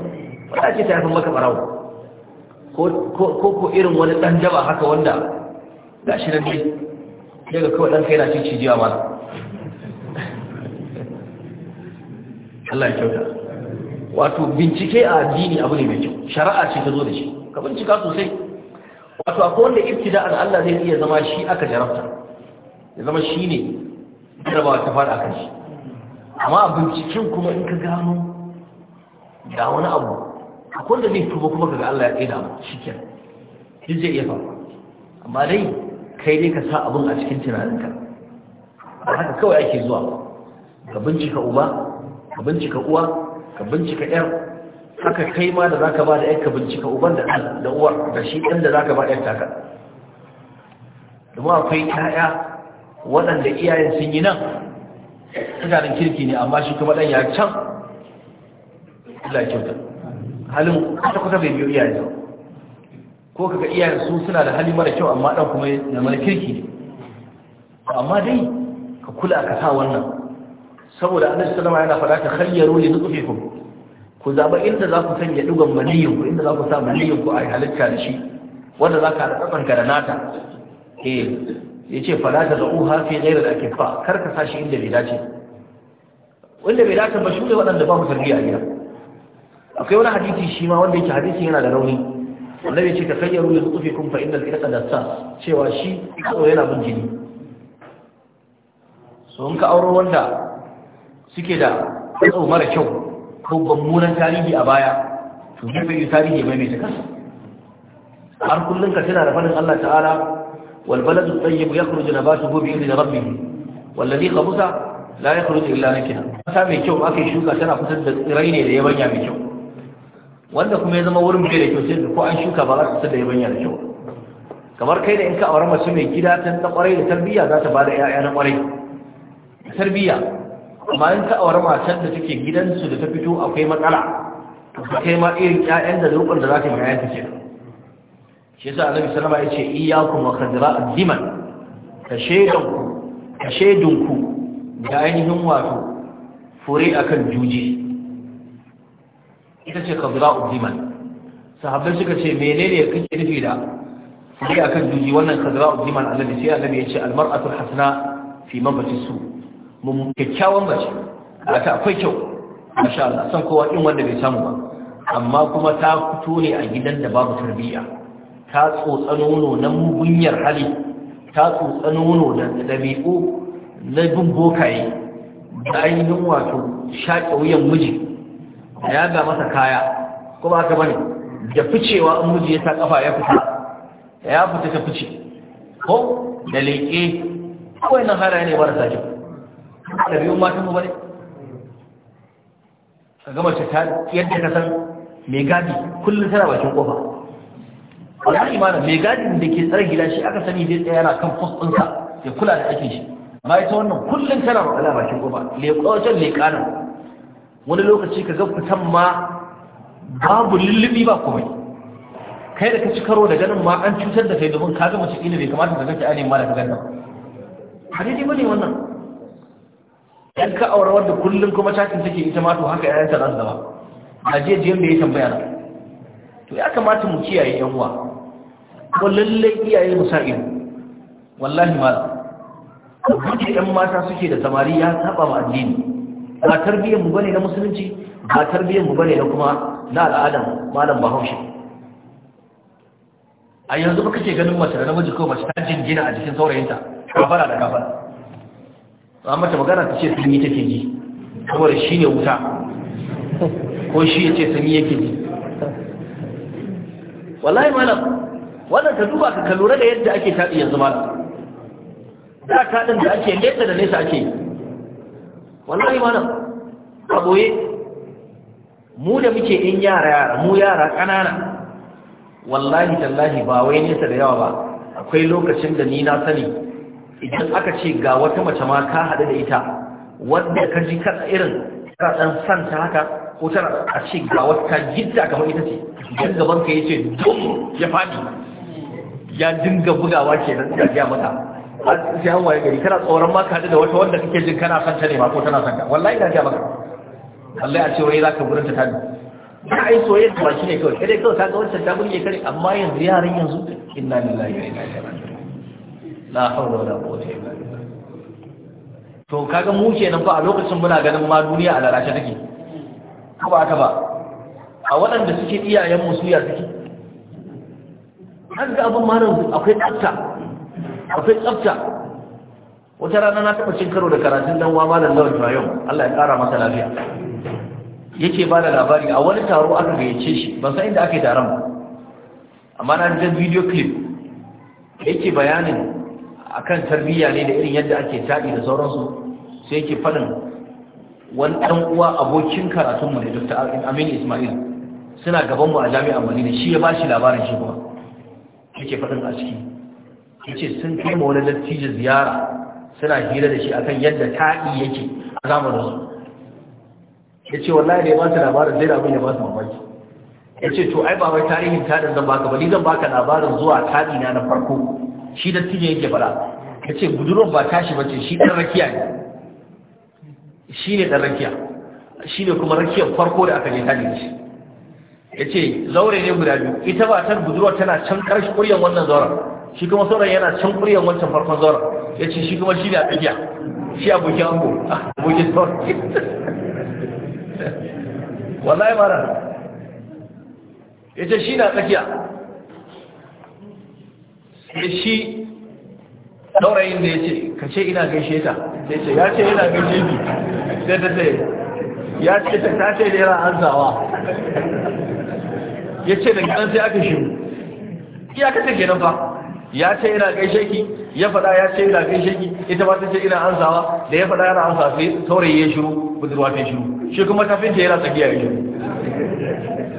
wata ce ta yafin maka ɓarawo ko ko irin wani ɗan jaba haka wanda ga shi nan ne daga kawai ɗan kai na cin cijiya ma Allah ya kyauta wato bincike a addini abu ne mai kyau shari'a ce ta zo da shi ka bincika sosai wato akwai wanda an Allah zai iya zama shi aka jarabta ya zama shi ne ba ta fara kan shi amma a binciken kuma in ka gano da wani abu akwai wanda zai tuba kuma kaga Allah ya tsaye da mu shikin zai iya faru amma dai kai dai ka sa abun a cikin tunaninka A haka kawai ake zuwa ka bincika uba ka bincika uwa ka bincika yar haka kai ma da zaka ba da yanka bincika uban da da uwar da shi ɗan da zaka ba yanka ka domin akwai ƴaƴa waɗanda iyayen sun yi nan Tsakanin kirki ne amma shi kuma ɗan ya can Allah kyauta halin kwata kwata bai biyo iyayen ba ko kaga iyayen su suna da hali mara kyau amma ɗan kuma na mara kirki ne amma dai ka kula ka sa wannan saboda annabi sallama yana faɗa ta khayyaru li nutfikum ku zaba inda za ku sanya dugan maniyin ku inda za ku sa maniyin ku a halitta da shi wanda za ka haɗa ka da nata eh ya ce fa da za'u hafi gairar ake fa kar ka sa shi inda bai dace wanda bai dace ba shi ne waɗanda ba mu tarbiya a gida akwai wani hadisi shi ma wanda yake hadisi yana da rauni annabi ya ce ka ya li sufikum fa innal irqa sa, cewa shi ko yana bin jini so in ka auro wanda suke da tsoro mara kyau ko mummunan tarihi a baya to zai bai tarihi mai mai kansa har kullum ka tana da fannin Allah ta'ala wal baladu tayyib yakhruju nabatuhu bi idni rabbih wal ladhi khabutha la yakhruju illa nakira ta mai kyau aka shuka tana fitar da tsirai ne da yabanya mai kyau wanda kuma ya zama wurin bai da kyau sai ko an shuka ba za su fitar da yabanya da kyau kamar kai da in ka aure mace mai gida ta kwarai da tarbiyya za ta ba da 'ya'ya na kwarai tarbiyya amma in ka aure matar da take gidansu da ta fito akwai matsala to ka kai ma irin ƴaƴan da zurkun da za ta yi ma ƴaƴanta kenan shi yasa annabi sallama ya ce iyyakum wa khadra ad-diman ka shedanku da ainihin wato fure akan juji. ita ce khadra ad-diman sahabbai suka ce menene kake nufi da fure akan juji wannan khadra ad-diman annabi sai annabi ya ce al-mar'atu hasana fi mabati su' mun kyakkyawan mace ba ta akwai kyau masha Allah san kowa in wanda bai samu ba amma kuma ta fito ne a gidan da babu tarbiyya ta tsotsa nono na mugunyar hali ta tsotsa nono da dabi'u na bin bokaye da ainihin wato shaƙe wuyan miji da ya ga masa kaya Kuma aka bane da ficewa in miji ya sa kafa ya fita ya fita ta fice ko da leƙe kawai nan hara ne marasa kyau ɗabi'un matan mu ba ne ka gama ta yadda ka san mai gadi kullum tana bakin kofa wallahi imana mai gadi da ke tsare gida shi aka sani zai tsaya yana kan fuskunsa ya kula da ake shi amma ita wannan kullum tana matsala bakin kofa leƙojen leƙana wani lokaci ka ga fitan ma babu lullubi ba komai kai da ka ci karo da ganin ma an cutar da kai domin ka gama cikin da bai kamata ka ganta a ne ma da ka ganta ba daidai ba ne wannan Yan ka aure wadda kullum kuma cakin take ita ma to haka yayanta ta su zama a je da ya tambaya na to ya kamata mu kiyaye yan uwa ko lallai iyaye mu sa ido wallahi ma duk yan mata suke da samari ya saba ma addini ba tarbiyyar mu bane na musulunci ba tarbiyyar mu bane na kuma na al'ada malam bahaushe a yanzu ba kake ganin mace da namiji ko mace ta jingina a jikin saurayinta kafara da kafara an mata magana ta ce sanyi ke ji saboda shi ne wuta ko shi ya ce sanyi yake ji wallahi malam wannan ka duba ka lura da yadda ake taɗi yanzu malam da taɗin da ake nesa da nesa ake wallahi malam a boye mu da muke in yara yara mu yara ƙanana wallahi tallahi ba wai nesa da yawa ba akwai lokacin da ni na sani idan aka ce ga wata mace ma ka haɗu da ita wanda ka ji kasa irin tana ɗan san ta haka ko tana a ce ga wata gidda kamar ita ce idan gaban ka yace dum ya faɗi ya dinga bugawa ke nan, ya mata ce an waye gari kana tsoron ma ka haɗu da wata wanda kake jin kana son ta ne ma ko tana santa? ka wallahi da ya maka wallahi a ce wai ka gurin ta tani ba yi soyayya ba shi ne kawai kai dai kawai ka ga wancan ta burge kare amma yanzu yaran yanzu inna lillahi wa inna ilaihi raji'un la hawla wala quwwata illa billah to kaga mu kenan fa a lokacin muna ganin ma duniya a lalace take ko ba haka ba a waɗanda suke iyayen mu suya suke kaga abun ma akwai tsafta akwai tsafta wata rana na taɓa cin karo da karatun dan wa malam lawan yau Allah ya ƙara masa lafiya yake ba da labari a wani taro aka gayyace shi ban san inda ake taron ba amma na ji video clip yake bayanin akan tarbiyya ne da irin yadda ake taɗi da sauransu sai yake faɗin wani ɗan uwa abokin karatunmu ne dr amin ismail suna gabanmu a jami'ar madina shi ya ba shi labarin shi kuma yake faɗin a ciki yace sun kai ma wani dattijo ziyara suna hira da shi akan yadda taɗi yake a zamaninsu ya ce wallahi da ya ba su labarin zai da abin ya ba su mamaki ya ce to ai ba wai tarihin tarin zan baka ba ni zan baka labarin zuwa taɗi na na farko shi dattijo yake fara ya ce budurwar ba tashi bace shi ɗan rakiya ne shi ne ɗan rakiya shi ne kuma rakiyar farko da aka je ta shi ya ce zaure ne guda biyu ita ba ta budurwar tana can ƙarshe ƙuryan wannan zauren shi kuma sauran yana can ƙuryan wancan farkon zauren ya ce shi kuma shi ne a tsakiya shi abokin ango abokin zauren wallahi mara ya ce shi na tsakiya da shi ɗaurayin da ya ce ka ce ina gaishe ta da ce ya ce ina gaishe ni sai ta ce ya ce ta ta ce lera yana hanzawa ya ce da gidan sai aka shi ya ka ce kenan fa ya ce ina gaishe ki ya faɗa ya ce ina gaishe ki ita ba ta ce ina hanzawa da ya faɗa yana hanzawa sai saurayi ya shiru budurwa ta shiru shi kuma kafin ta yana tsakiya ya shiru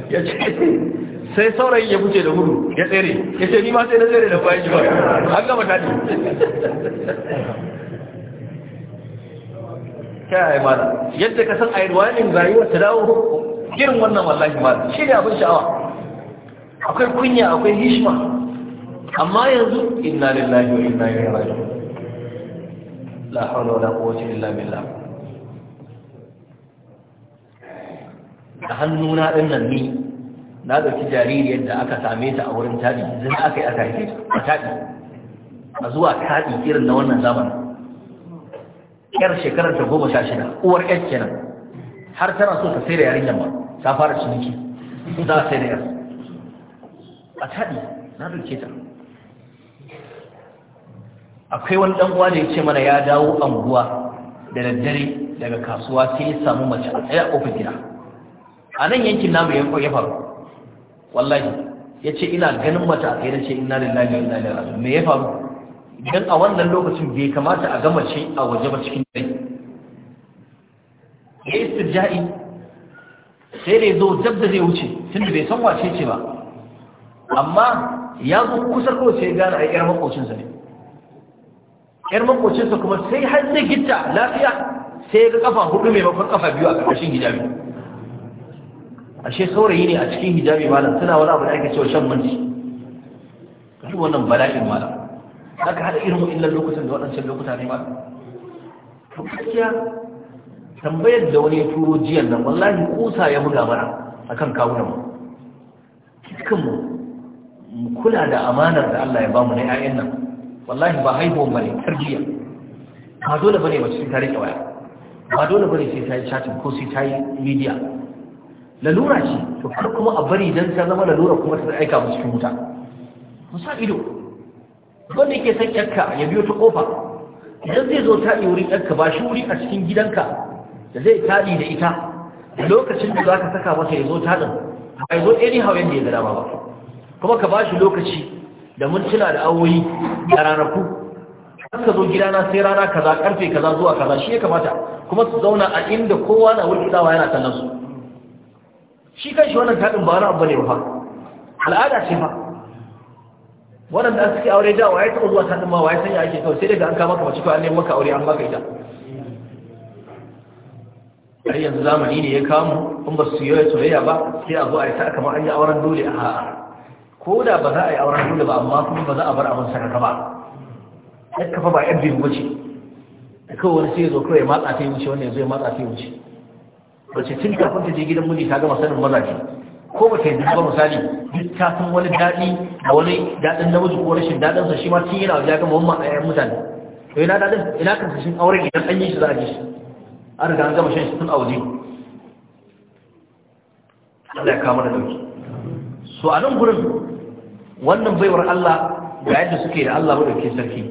ya ce sai saurayin ya buce da gudu ya tsere ya ce ni ma sai na tsere da bayan jiwa an gama tadi yi mana yadda ka san a irwanin rayuwar ta dawo girin wannan wallahi ma shi ne abin sha'awa akwai kunya akwai hishma amma yanzu inna lillahi wa inna yi raji'un la'aunar da kowace quwwata illa da hannuna ɗin nan ni na ɗauki jaririyar da aka same ta a wurin taɗi zina aka yi aka haife a taɗi a zuwa taɗi irin na wannan zamanin yar shekarar ta goma sha shida uwar yar kenan har tana so ta sai da yarinyar ba ta fara ciniki za a sai da yar a taɗi na ɗauke ta akwai wani ɗan uwa da ya ce mana ya dawo anguwa da daddare daga kasuwa sai ya samu mace a tsaye a kofin gida a nan yankin namu ya faru wallahi ya ce ina ganin mata a kai na ce ina lillahi ina da me ya faru idan a wannan lokacin bai kamata a gama ce a waje ba cikin dai ya yi istirja'i sai da ya zo dab da zai wuce tunda bai san wace ce ba amma ya zo kusan ko sai gane a yar makocinsa ne yar makocinsa kuma sai har gita gitta lafiya sai ya ga kafa hudu maimakon kafa biyu a ƙarƙashin gida biyu ashe saurayi ne a cikin hijabi malam suna wani abu da ake cewa shan manci kashi wannan bala'in malam za ka haɗa irin illar lokutan da waɗancan lokuta ne malam to gaskiya tambayar da wani ya turo jiyan nan wallahi kusa ya buga mana akan kawunan mu cikin mu kula da amanar da Allah ya bamu na 'ya'yan nan wallahi ba haihuwan bane jiya ba dole bane mace sai ta rike waya ba dole bane sai ta yi chatin ko sai ta yi media lalura ce to kar kuma a bari dan ta zama lalura kuma ta aika musu cikin wuta musa ido wanda yake san yakka ya biyo ta kofa idan zai zo taɗi wurin yakka ba shi wuri a cikin gidanka da zai taɗi da ita lokacin da za ka saka masa ya zo taɗin ba zo ɗari hawan da ya gada ba kuma ka ba shi lokaci da mintuna da awoyi da ranaku ka zo gidana sai rana kaza karfe kaza zuwa kaza shi ya kamata kuma su zauna a inda kowa na wulkidawa yana kallon su shi kan shi wannan taɗin ba wani abu ne ba al'ada ce ba Wannan da suke aure ja waye taɓa zuwa taɗin ma waye sanya ake kawai sai daga an kama kama cikin ko an nemi maka aure an baka ita har yanzu zamani ne ya kamu in ba su yi soyayya ba sai a zo a yi ta kamar an yi auren dole a ko da ba za a yi auren dole ba amma kuma ba za a bar abin sakaka ba ya kafa ba yan biyu wuce da kawai wani sai ya zo kawai ya matsa ta yi wuce wani ya zo ya matsa ta yi wuce mace tun kafin ta je gidan miji ta gama sanin maza ce. ko ba ta yi ba misali duk ta san wani daɗi da wani daɗin wuce ko rashin daɗin sa shi ma tun yana ya gama wannan ɗayan mutane to ina daɗin ina kan sashin auren idan an yi shi za a ji shi an riga an gama shan shi tun a waje Allah ya kama da ɗauki so a nan gurin wannan baiwar Allah ga yadda suke da Allah madaukin sarki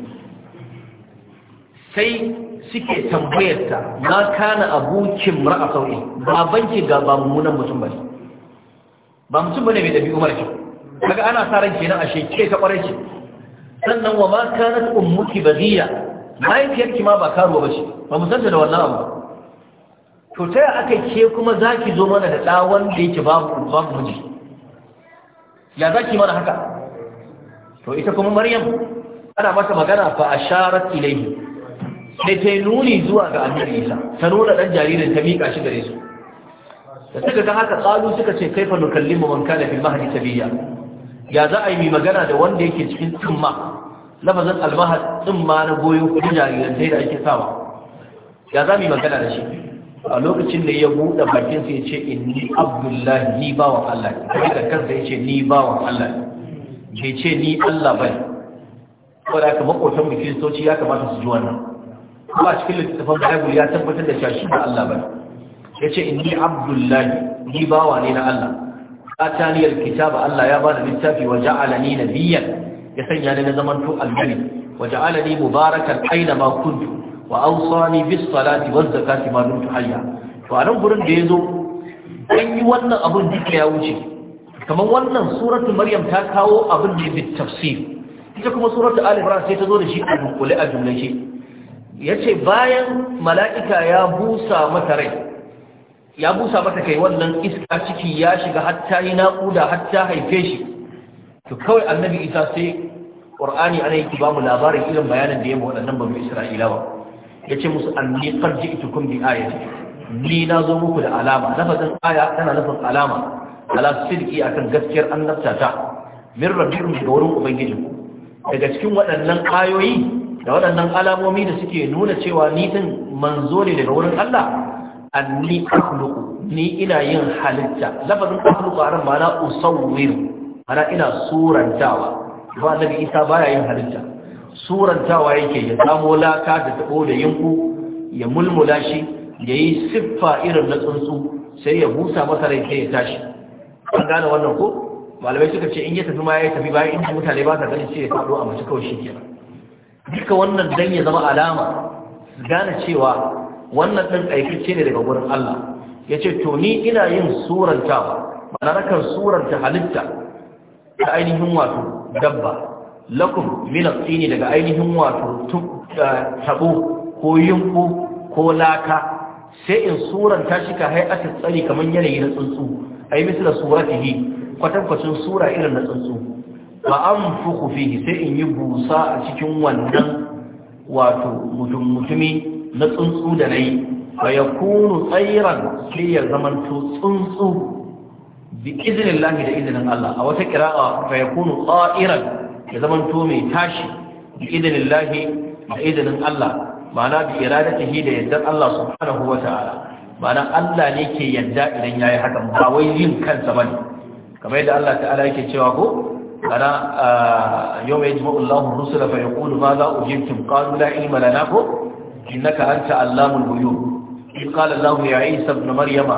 sai suke tambayarta na kana abokin mura'a sauri ba banki ga ba mummunan mutum ba ba mutum bane mai dabi'u mara kyau kaga ana sa ran kenan ashe ke ta kwarai ce sannan wa ma kanat ummuki baziya mahaifiyarki ma ba karuwa ba ce ba mu da wannan abu to ta aka ke kuma za ki zo mana da ɗa wanda yake babu babu miji ya za ki mana haka to ita kuma maryam ana mata magana fa asharat ilayhi sai ta yi nuni zuwa ga annabi isa ta nuna ɗan jaririn ta miƙa shi gare su da suka ga haka ƙalu suka ce kaifa nukallimu man kana fil mahdi sabiya ya za a yi magana da wanda yake cikin tsumma lafazin almahad tsumma na goyo ko jaririn sai da ake sawa ya za mu magana da shi a lokacin da ya buɗe bakin sa yace inni abdullahi ni bawa Allah ne da kansa yace ni bawa Allah ne ce ni Allah bai!" ko da ka makotan mu soci ya kamata su ji wannan kuma cikin littattafan bible ya tabbatar da shashi da Allah ba yace inni abdullahi ni bawa ne na Allah atani alkitaba Allah ya bani littafi wa ja'alani nabiyyan ya sanya ni na zaman to annabi wa ja'alani mubarakan aina ma kuntu wa awsani bis salati waz zakati ma dumtu hayya to anan gurin da yazo an yi wannan abun duka ya wuce kamar wannan suratul maryam ta kawo abin da bi tafsir ita kuma suratul ali imran sai ta zo da shi a dunkule a ya ce bayan mala'ika ya busa mata rai ya busa mata kai wannan iska ciki ya shiga hatta yi naƙuda hatta haife shi to kawai annabi isa sai ƙur'ani ana yi ba mu labarin irin bayanin da ya mu waɗannan bambu isra'ilawa ya ce musu an ne farji itukun bi ce, ni na zo muku da alama lafazin aya tana nufin alama ala sirki akan gaskiyar annabta ta min rabbikum daga wurin ubangiji daga cikin waɗannan ayoyi da waɗannan alamomi da suke nuna cewa ni din manzo ne daga wurin Allah anni akhluqu ni ina yin halitta lafazin akhluqu ran ma'ana usawwir ana ina surantawa ba annabi Isa baya yin halitta surantawa yake ya samo laka da tabo da yinku ya mulmula shi yayi siffa irin na tsuntsu sai ya busa masa rai sai ya tashi an gane wannan ko malamai suka ce in ya tafi ma ya tafi bayan inda mutane ba ta gani sai ya faɗo a mace kawai shi kenan duka wannan dan ya zama alama su gane cewa wannan ɗin aikacce ne daga wurin Allah ya ce to ni ina yin suranta ba na nakan halitta ta ainihin wato dabba lakum minatsi ne daga ainihin wato eh, tabo ko yinku ko laka sai in suranta shi ka hai'ata tsari kamar yanayi na tsuntsu a yi da suratihi kwatankwacin sura irin na tsuntsu ba an fuku sai in yi busa a cikin wannan wato mutum-mutumi na tsuntsu da na yi ba ya kunu tsairan sai ya zamanto tsuntsu bi izinin lahi da izinin Allah a wata kira'a ba ya kunu tsairan ya zamanto mai tashi bi izinin lahi da izinin Allah ma'ana bi iradatihi da yardar Allah subhanahu wa ta'ala ma'ana Allah ne ke yarda idan yayi haka ba wai yin kansa bane kamar yadda Allah ta'ala yake cewa ko أنا آه، يوم يجمع الله الرسل فيقول ماذا أجبتم قالوا لا علم لنا إنك أنت علام الغيوب إذ قال الله يا عيسى ابن مريم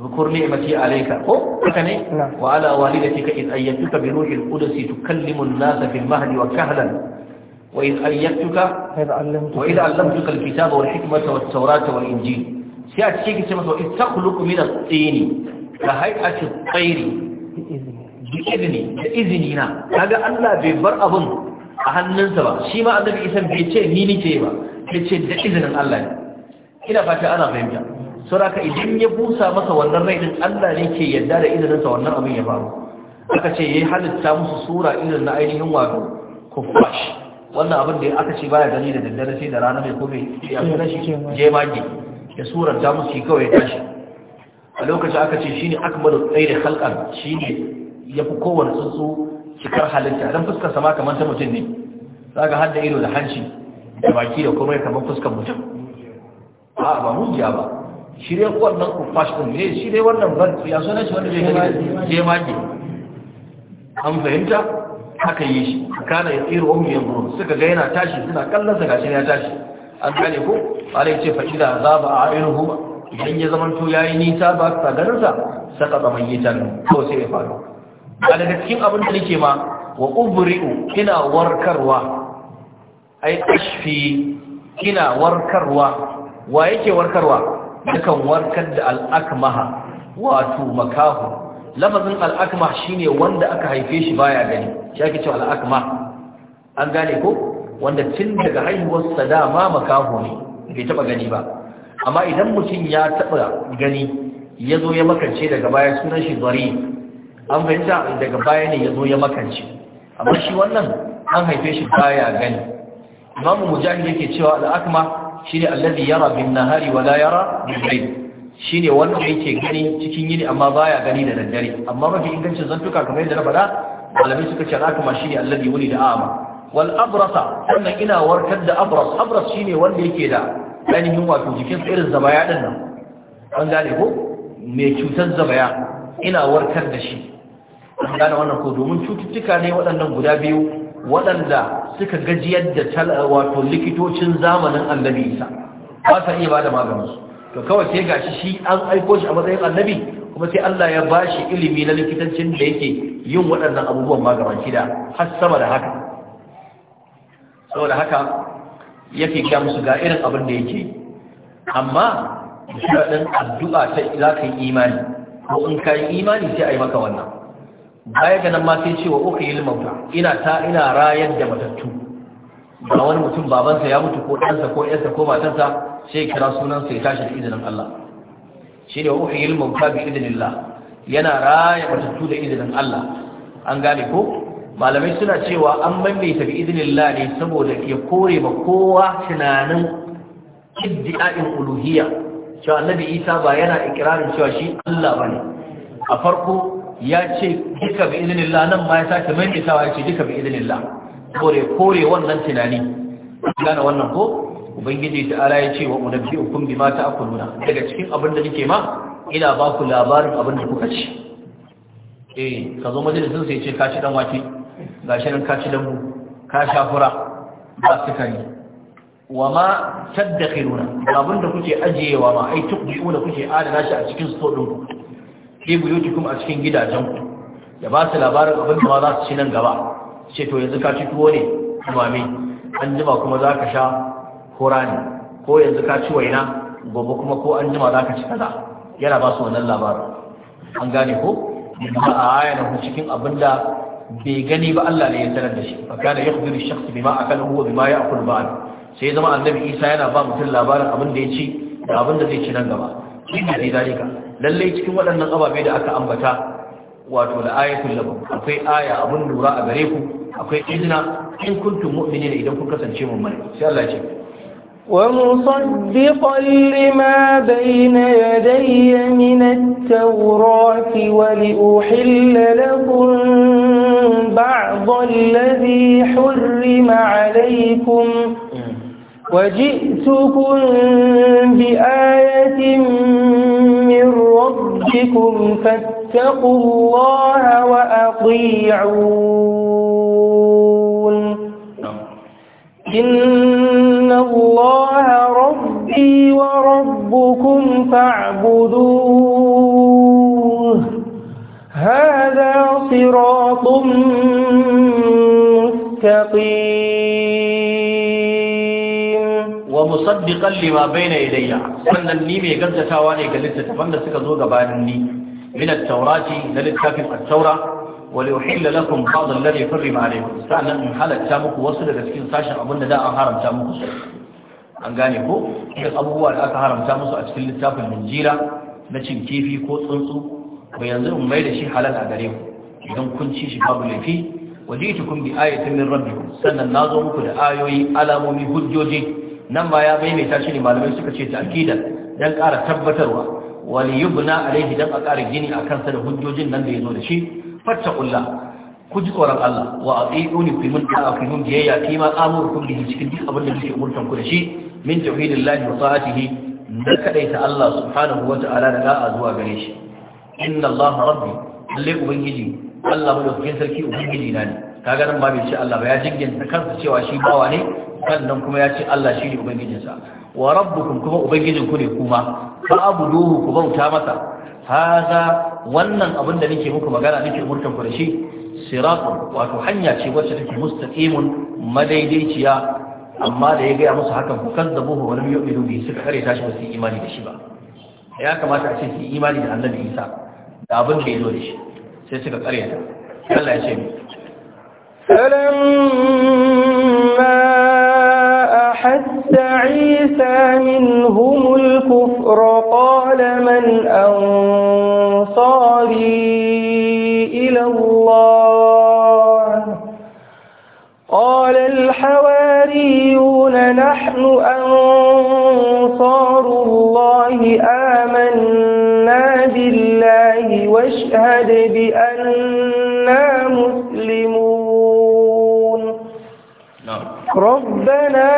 اذكر نعمتي عليك نعم. نعم. وعلى والدتك إذ أيدتك بروح القدس تكلم الناس في المهد وكهلا وإذ أيدتك وإذ علمتك الكتاب والحكمة والتوراة والإنجيل سيأتيك سمسوا وإذ تخلق من الطين كهيئة الطير izini da izini na kaga Allah bai bar abun a hannunsa ba shi ma annabi isa bai ce ni nike ba ya ce da izinin Allah ne ina fata ana fahimta saboda idan ya busa masa wannan rai din Allah ne ke yarda da izinin sa wannan abin ya faru aka ce yayi halitta musu sura irin na ainihin wato kufash wannan abin da aka ce baya gani da daddare sai da rana mai kofi ya fara shi jemage ya sura ta musu kawai a tashi a lokacin aka ce shine akmalu tsairi khalqan shine ya fi kowane tsuntsu cikar halitta don fuskar sama kamar ta mutum ne za ka hada ido da hanci da baki da kuma kamar fuskar mutum a ba mujiya ba shirya wannan kufash ɗin ne shirya wannan barci ya suna shi wanda zai maki an fahimta haka yi shi kana ya tsira wani yanzu suka ga yana tashi suna kallon sa gashi ya tashi an gane ko ba ce da za ba a ainihu idan ya to ya yi nisa ba ta ganin sa saka nan. ko sai ya faru a daga cikin abin da nake ma wa ubri'u ina warkarwa ai ashfi ina warkarwa wa yake warkarwa dukan warkar da al'akmaha wato makahu lafazin al'akmah shine wanda aka haife shi baya gani shi ake cewa al'akmah an gane ko wanda tun daga haihuwar haihuwarsa dama makahu ne bai taba gani ba amma idan mutum ya taba gani ya zo ya makance daga baya sunan shi zari an fahimta daga baya ne ya zo ya makance amma shi wannan an haife shi baya gani imam mujahid yake cewa al'akma shine allazi yara bin nahari wala yara bil Shi ne wanda yake gani cikin yini amma baya gani da daddare amma mafi ingancin zantuka kamar yadda na faɗa malamai suka ce al'akma shine allazi wuli da a'ma wal abrasa wannan ina warkar da abras abras ne wanda yake da ainihin wato jikin irin zabaya din nan an gane ko mai cutar zabaya ina warkar da shi an gane wannan ko domin cututtuka ne waɗannan guda biyu waɗanda suka gajiyar da wato likitocin zamanin annabi isa ba sa iya ba da magani. to kawai sai gashi shi an aiko shi a matsayin annabi kuma sai Allah ya ba shi ilimi na likitancin da yake yin waɗannan abubuwan maganin shida, har sama da haka saboda haka yake kya musu ga irin abin da yake amma shaɗin addu'a ta za ka yi imani ko in ka yi imani sai a yi maka wannan baya ga nan ma sai cewa uku yi mauta ina ta ina rayar da matattu ba wani mutum babansa ya mutu ko ɗansa ko ƴansa ko matansa sai kira sunansa ya tashi da izinin Allah shi ne uku yi mauta bi idinillah yana raya matattu da izinin Allah an gane ko malamai suna cewa an maimaita bi idinillah ne saboda ya kore ba kowa tunanin iddi'a'in uluhiyya cewa annabi Isa ba yana ikirarin cewa shi Allah bane a farko ya ce duka bi idinillah nan ma ya sake maimaitawa ya ce duka bi idinillah kore kore wannan tunani gane wannan ko ubangiji ta ala ya ce wa bi bima ta'kuluna daga cikin abin da nake ma ina ba ku labarin abin da kuka ci eh ka zo majalisin sai ce ka ci dan wake gashi nan ka ci mu ka sha fura ba sukari wa ma tadakhiruna abin da kuke ajiyewa ma ai tukbi'una kuke adana shi a cikin store ku fi buyutikum a cikin gidajenku ya ba su labarin abin da ma za su ci nan gaba ce to yanzu ka ci tuwo ne Tumami. an jima kuma za ka sha hura ne ko yanzu ka ci waina gobe kuma ko an jima za ka ci kaza yana ba su wannan labarin an gane ko ba a ayyana cikin abin da bai gani ba Allah ne ya sanar da shi fa kana yakhbiru shakhs bima akala huwa bima ya'kul ba'd sai zama annabi Isa yana ba mutum labarin abin da ya ci da abin da zai ci nan gaba shi ne zalika lallai cikin waɗannan ababe da aka ambata wato da ayatul lam akwai aya abun lura a gare ku akwai izina in kuntum mu'minina idan kun kasance mu'mini sai Allah ce wa musaddiqan lima bayna yadayya min at-taurati wa li uhilla lakum ba'dha alladhi hurrima alaykum وجئتكم بآية من ربكم فاتقوا الله وأطيعون إن الله ربي وربكم فاعبدوه هذا صراط مستقيم wa musaddiqan lima bayna yadayya sannan ni mai gaggatawa ne ga littattafan da suka zo gabanin ni min at-taurati da littafin at-taura wa li uhilla lakum ba'd alladhi harrama alaykum sannan in halarta muku wasu daga cikin sashen abin da da an haramta muku an gane ko duk abubuwan da aka haramta musu a cikin littafin injira na cin kifi ko tsuntsu ba yanzu in mai da shi halal a gare ku idan kun ci shi babu laifi wajitukum bi ayatin min rabbikum sannan nazo muku da ayoyi alamomi hujjoji nan ma ya maimaita shi ne malamai suka ce ta'kidan dan ƙara tabbatarwa wal yubna alaihi dan a ƙara gini a kansa da hujjojin nan da ya zo da shi fattaqullah ku ji tsoron Allah wa atiquni fi mun ta'a fi mun jiyya fi ma amurukum bihi cikin duk abin da kuke umurtan ku da shi min tauhidillahi wa ta'atihi da kadaita Allah subhanahu wa ta'ala da da'a zuwa gare shi inna Allah rabbi lalle ubangiji Allah mu da sarki ubangiji na ne kaga nan babu shi Allah ba ya jingina kansa cewa shi bawa ne sannan kuma ya ce Allah shi ne ubangijinsa wa rabbukum kuma ubangijin ku ne kuma fa abuduhu ku bauta masa haza wannan abin da nake muku magana nake murkan ku da shi siratun wato hanya ce wacce take mustaqimun madaidaiciya amma da ya gaya musu hakan ku kan zabo ba wani yau suka kare tashi ba imani da shi ba ya kamata a ce su imani da annabi isa da abin da ya zo da shi sai suka kare ta Allah ya ce فلما أحس عيسى منهم الكفر قال من أنصاري إلى الله قال الحواريون نحن أنصار الله آمنا بالله واشهد بأن ربنا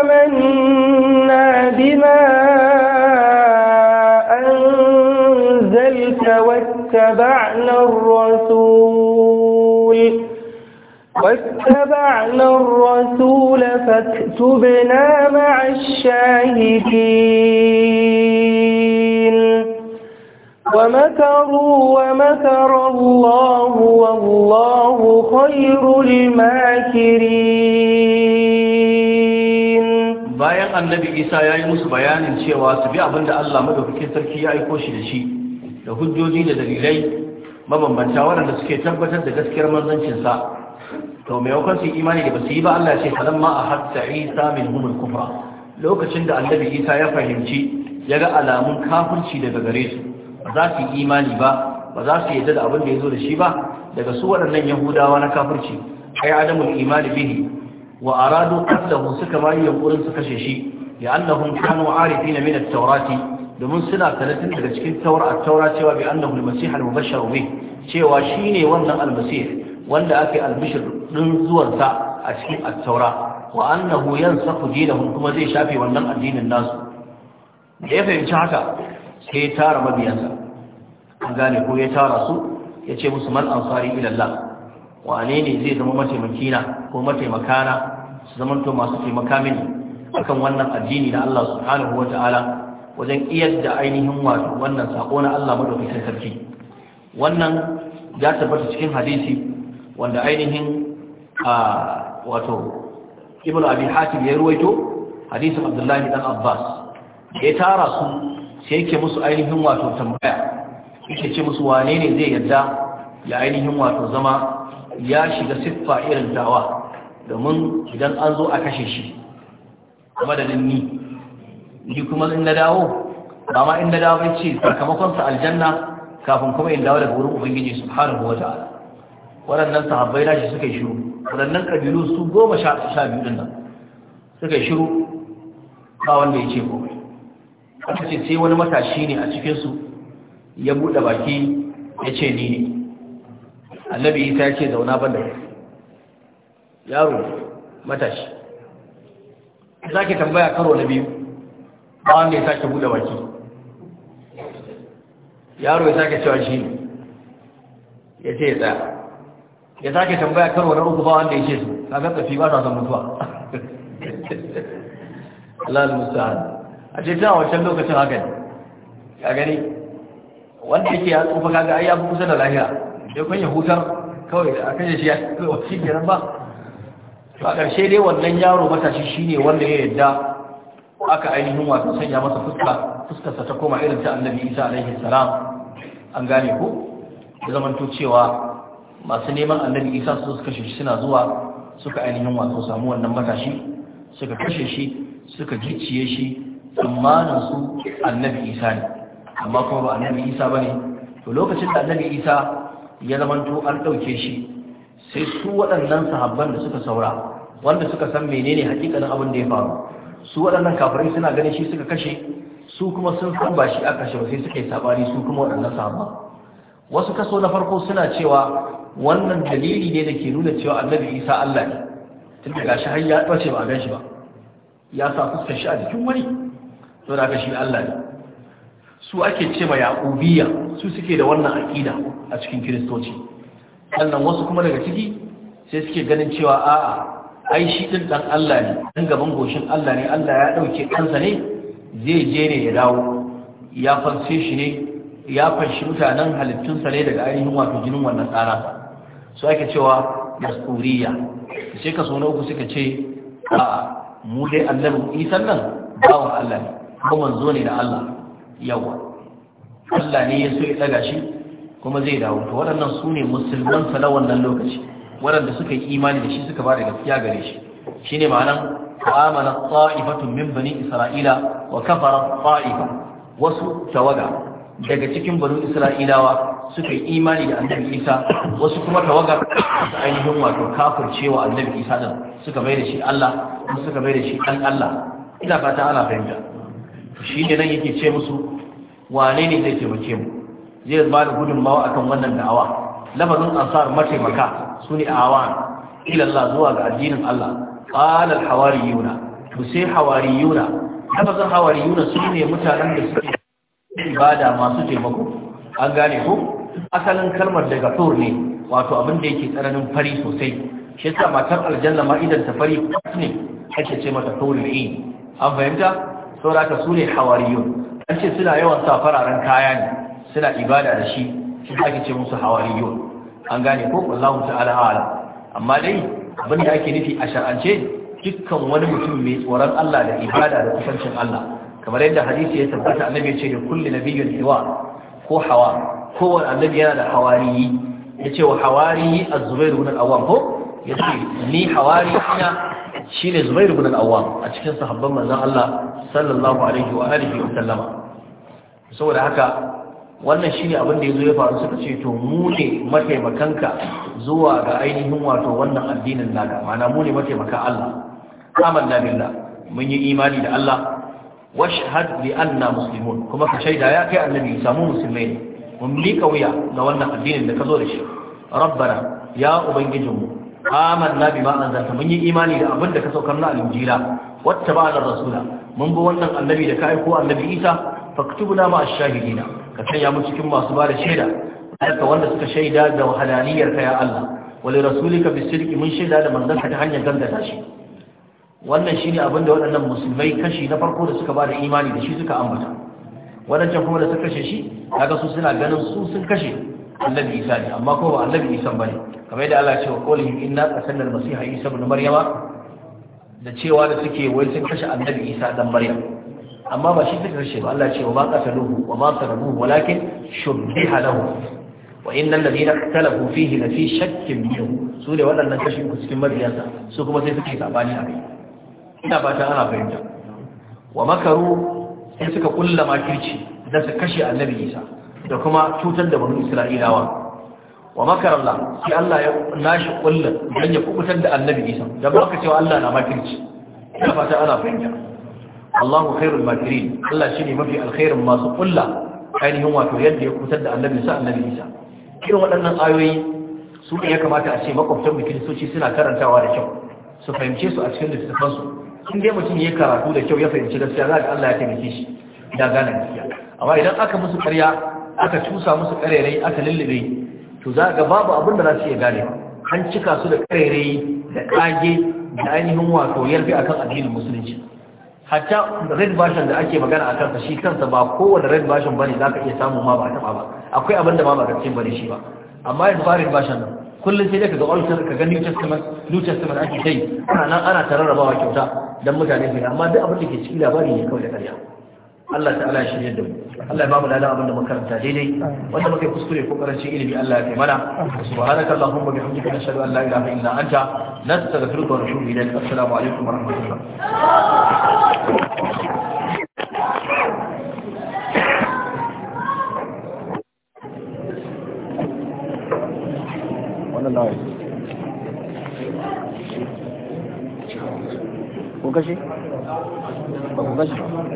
آمنا بما أنزلت واتبعنا الرسول واتبعنا الرسول فاكتبنا مع الشاهدين ومكروا ومكر الله والله خير الماكرين bayan annabi isa ya yi musu bayanin cewa su bi abin da allah madaukakin sarki ya aiko shi da shi da hujjoji da dalilai mabambanta waɗanda suke tabbatar da gaskiyar manzancinsa to maimakon su imani da basu yi ba allah ce kalan ma a hatta isa min humul kufra lokacin da annabi isa ya fahimci ya ga alamun kafirci daga gare su ba za su yi imani ba ba za su yadda da abin da ya zo da shi ba daga su waɗannan yahudawa na kafirci ai adamul imani bihi wa aradu qatlahu suka ma yi yankurin su kashe shi ya annahum kanu arifin min at-taurati domin suna karatin daga cikin tawar a taura cewa bi annahu al-masih al-mubashshar bih cewa shine wannan al-masih wanda ake al-bishr din zuwansa a cikin at-taura wa annahu yansafu dinahum kuma zai shafe wannan addinin nasu da ya fahimci haka sai ya tara mabiyansa an gane ko ya tara su ya ce musu man ansari ilallah wane ne zai zama mataimakina ko mataimakana su zamanto masu taimaka mini akan wannan addini na Allah subhanahu wa ta'ala wajen iyar da ainihin wato wannan sako na Allah madaukakin sarki wannan ya tabbata cikin hadisi wanda ainihin a wato ibnu abi hatim ya ruwaito hadisin abdullahi dan abbas ya tara su sai yake musu ainihin wato tambaya yake ce musu wane ne zai yadda ya ainihin wato zama ya shiga siffa irin dawa domin idan an zo a kashe shi madadin ni ni kuma in na dawo ba ma in na dawo bai ce sakamakonsa aljanna kafin kuma in dawo daga wurin ubangiji subhanahu wa ta'ala waɗannan sahabbai nashi suka yi shiru waɗannan ƙabilu su goma sha biyu ɗin nan suka yi shiru ba wanda ya ce komai aka ce sai wani matashi ne a cikinsu ya buɗe baki ya ce ni ne annabi isa ya ce zauna ban da yaro matashi za ki tambaya karo na biyu ba wanda ya sake buɗe baki yaro ya sake cewa shi ya ce ya tsaya ya sake tambaya karo na uku ba wanda ya ce su Ka tafi ba sa san mutuwa Allah al-musta'an a ce tana wancan lokacin haka ne ya gani wanda yake ya tsofa kaga ai ya kusa da lahira da kun yi hutar kawai da aka shi ya tsufa shi kenan ba to a ƙarshe dai wannan yaro matashi shine wanda ya yadda aka ainihin wasan sanya masa fuska fuskarsa ta koma irin ta annabi isa alaihi salam an gane ko da to cewa masu neman annabi isa su suka kashe shi suna zuwa suka ainihin wato samu wannan matashi suka kashe shi suka jicciye shi tsammanin su annabi isa ne amma kuma ba annabi isa ba ne to lokacin da annabi isa ya zamanto an ɗauke shi sai su waɗannan sahabban da suka saura wanda suka san menene hakikanin abin da ya faru su waɗannan kafirai suna ganin shi suka kashe su kuma sun san ba shi aka shawo sai suka yi sabari su kuma waɗannan sahabban wasu kaso na farko suna cewa wannan dalili ne da ke nuna cewa annabi isa allah ne tun da gashi har ya ɓace ba a gan shi ba ya sa fuskar shi a jikin wani to da shi Allah ne su ake ce ma Ya'ubiya su suke da wannan aqida a cikin kiristoci. sannan wasu kuma daga ciki sai suke ganin cewa a'a ai shi din dan Allah ne dan gaban goshin Allah ne Allah ya dauke kansa ne zai je ne ya dawo ya fanshe shi ne ya fanshi mutanen halittun sa ne daga ainihin wato jinin wannan tsara su ake cewa masuriya sai so na uku suka ce a mu dai annabi isan nan bawan Allah ne ko manzo ne da Allah yawa Allah ne ya so ya daga shi kuma zai dawo to waɗannan su ne musulman na wannan lokaci waɗanda suka yi imani da shi suka ba da gaskiya gare shi shine ma'anan amana ta'ifatun min bani isra'ila wa kafara ta'ifa wasu tawaga daga cikin banu isra'ilawa suka yi imani da annabi isa wasu kuma tawagar da ainihin wato kafircewa annabi isa din suka bai da shi allah suka bai da shi dan allah ina fata ana fahimta shi ne nan yake ce musu wane ne zai taimake mu zai ba da gudunmawa akan wannan da'awa lafazin ansar mataimaka su ne awa ilallah zuwa ga addinin Allah qala al-hawariyuna to sai hawariyuna lafazin hawariyuna su ne mutanen da suke ibada masu taimako an gane ko asalin kalmar daga tur ne wato abin da yake tsananin fari sosai shi yasa matar aljanna ma idan ta fari ne ake ce mata tur ne an fahimta saboda sune su ne hawariyun an ce suna yawan sa fararen kaya ne suna ibada da shi shi ake ce musu hawariyun an gane ko wallahu ta'ala ala amma dai abin da ake nufi a shar'ance dukkan wani mutum mai tsoron Allah da ibada da kusancin Allah kamar yadda hadisi ya tabbata annabi ya ce da kulli nabiyyun hiwa ko hawa kowane annabi yana da hawariyi ya ce wa hawariyi az Zubairu na al-awwam ko ya ce ni hawariyi na? shine ne Zubairu bin awwam a cikin sahabban manzon Allah sallallahu alaihi wa alihi wa sallama saboda haka wannan shine abin da zo ya faru suka ce to mu ne mataimakanka zuwa ga ainihin wato wannan addinin naka mana mu ne mataimaka Allah amanna billah mun yi imani da Allah washhad bi anna muslimun kuma ka shaida ya kai annabi samu musulmai ne mun miƙa wuya ga wannan addinin da ka zo da shi rabbana ya ubangijinmu amanna bima anzalta mun yi imani da abin da ka saukar na wata ba nan rasula mun bi wannan annabi da ka aiko annabi Isa faktubna ma ash-shahidina ka sanya mu cikin masu bada shaida alka wanda suka shaida da wahalaniyar ka ya Allah wa li rasulika bisidqi mun shaida da manzon ta hanyar gangata shi wannan shine abin da waɗannan musulmai kashi na farko da suka da imani da shi suka ambata wadancan kuma da suka kashe shi kaga su suna ganin su sun kashe annabi isa ne amma ko ba annabi isa bane kamar yadda Allah ya ce wa qawlihim inna qasalna al-masiha isa ibn maryama da cewa da suke wai sun kashe annabi isa dan maryam amma ba shi suka kashe ba Allah ce wa ma qataluhu wa ma sarabuhu walakin shubbiha lahu wa innal ladina ikhtalafu fihi la fi shakkin minhu su ne waɗannan kashin ku cikin mabiyansa su kuma sai suke sabani a kai ina fata ana fahimta wa makaru sai suka kulla makirci da su kashe annabi isa da kuma cutar da banu isra'ilawa wa makar Allah sai Allah ya nashi kullun dan ya kubutar da annabi Isa dan baka cewa Allah na makirci ina fata ana fahimta Allahu khairul makirin Allah shine mafi alkhairin masu kulla ainihin wato yadda ya kubutar da annabi Isa annabi Isa irin waɗannan ayoyi su ne ya kamata a ce makwabtan mu kiristoci suna karantawa da kyau su fahimce su a cikin littafan su in dai mutum ya karatu da kyau ya fahimci gaskiya za ga Allah ya taimake shi da gane gaskiya amma idan aka musu ƙarya aka cusa musu karerai aka lullube to za ga babu abin da za su iya gane an cika su da karerai da kage da ainihin wato yarfi akan addinin musulunci hatta red version da ake magana a kansa shi kansa ba kowane red version bane za ka iya samu ma ba taɓa ba akwai abin da ma ba gaske bane shi ba amma yanzu ba red version nan kullum sai daga all ka ga new testament new testament ake kai ana nan ana tararrabawa kyauta dan mutane ne amma duk abin da ke cikin labari ne kawai da ƙarya Allah ta'ala shi yadda mu Allah ya ba mu ladan abin da makaranta daidai wanda muka yi kuskure ko karancin ilimi Allah ya kai mana subhanaka allahumma bihamdika nashhadu an la ilaha illa anta nastaghfiruka wa natubu ilayk assalamu alaikum wa rahmatullah wannan nawa ko kashi ba ku kashi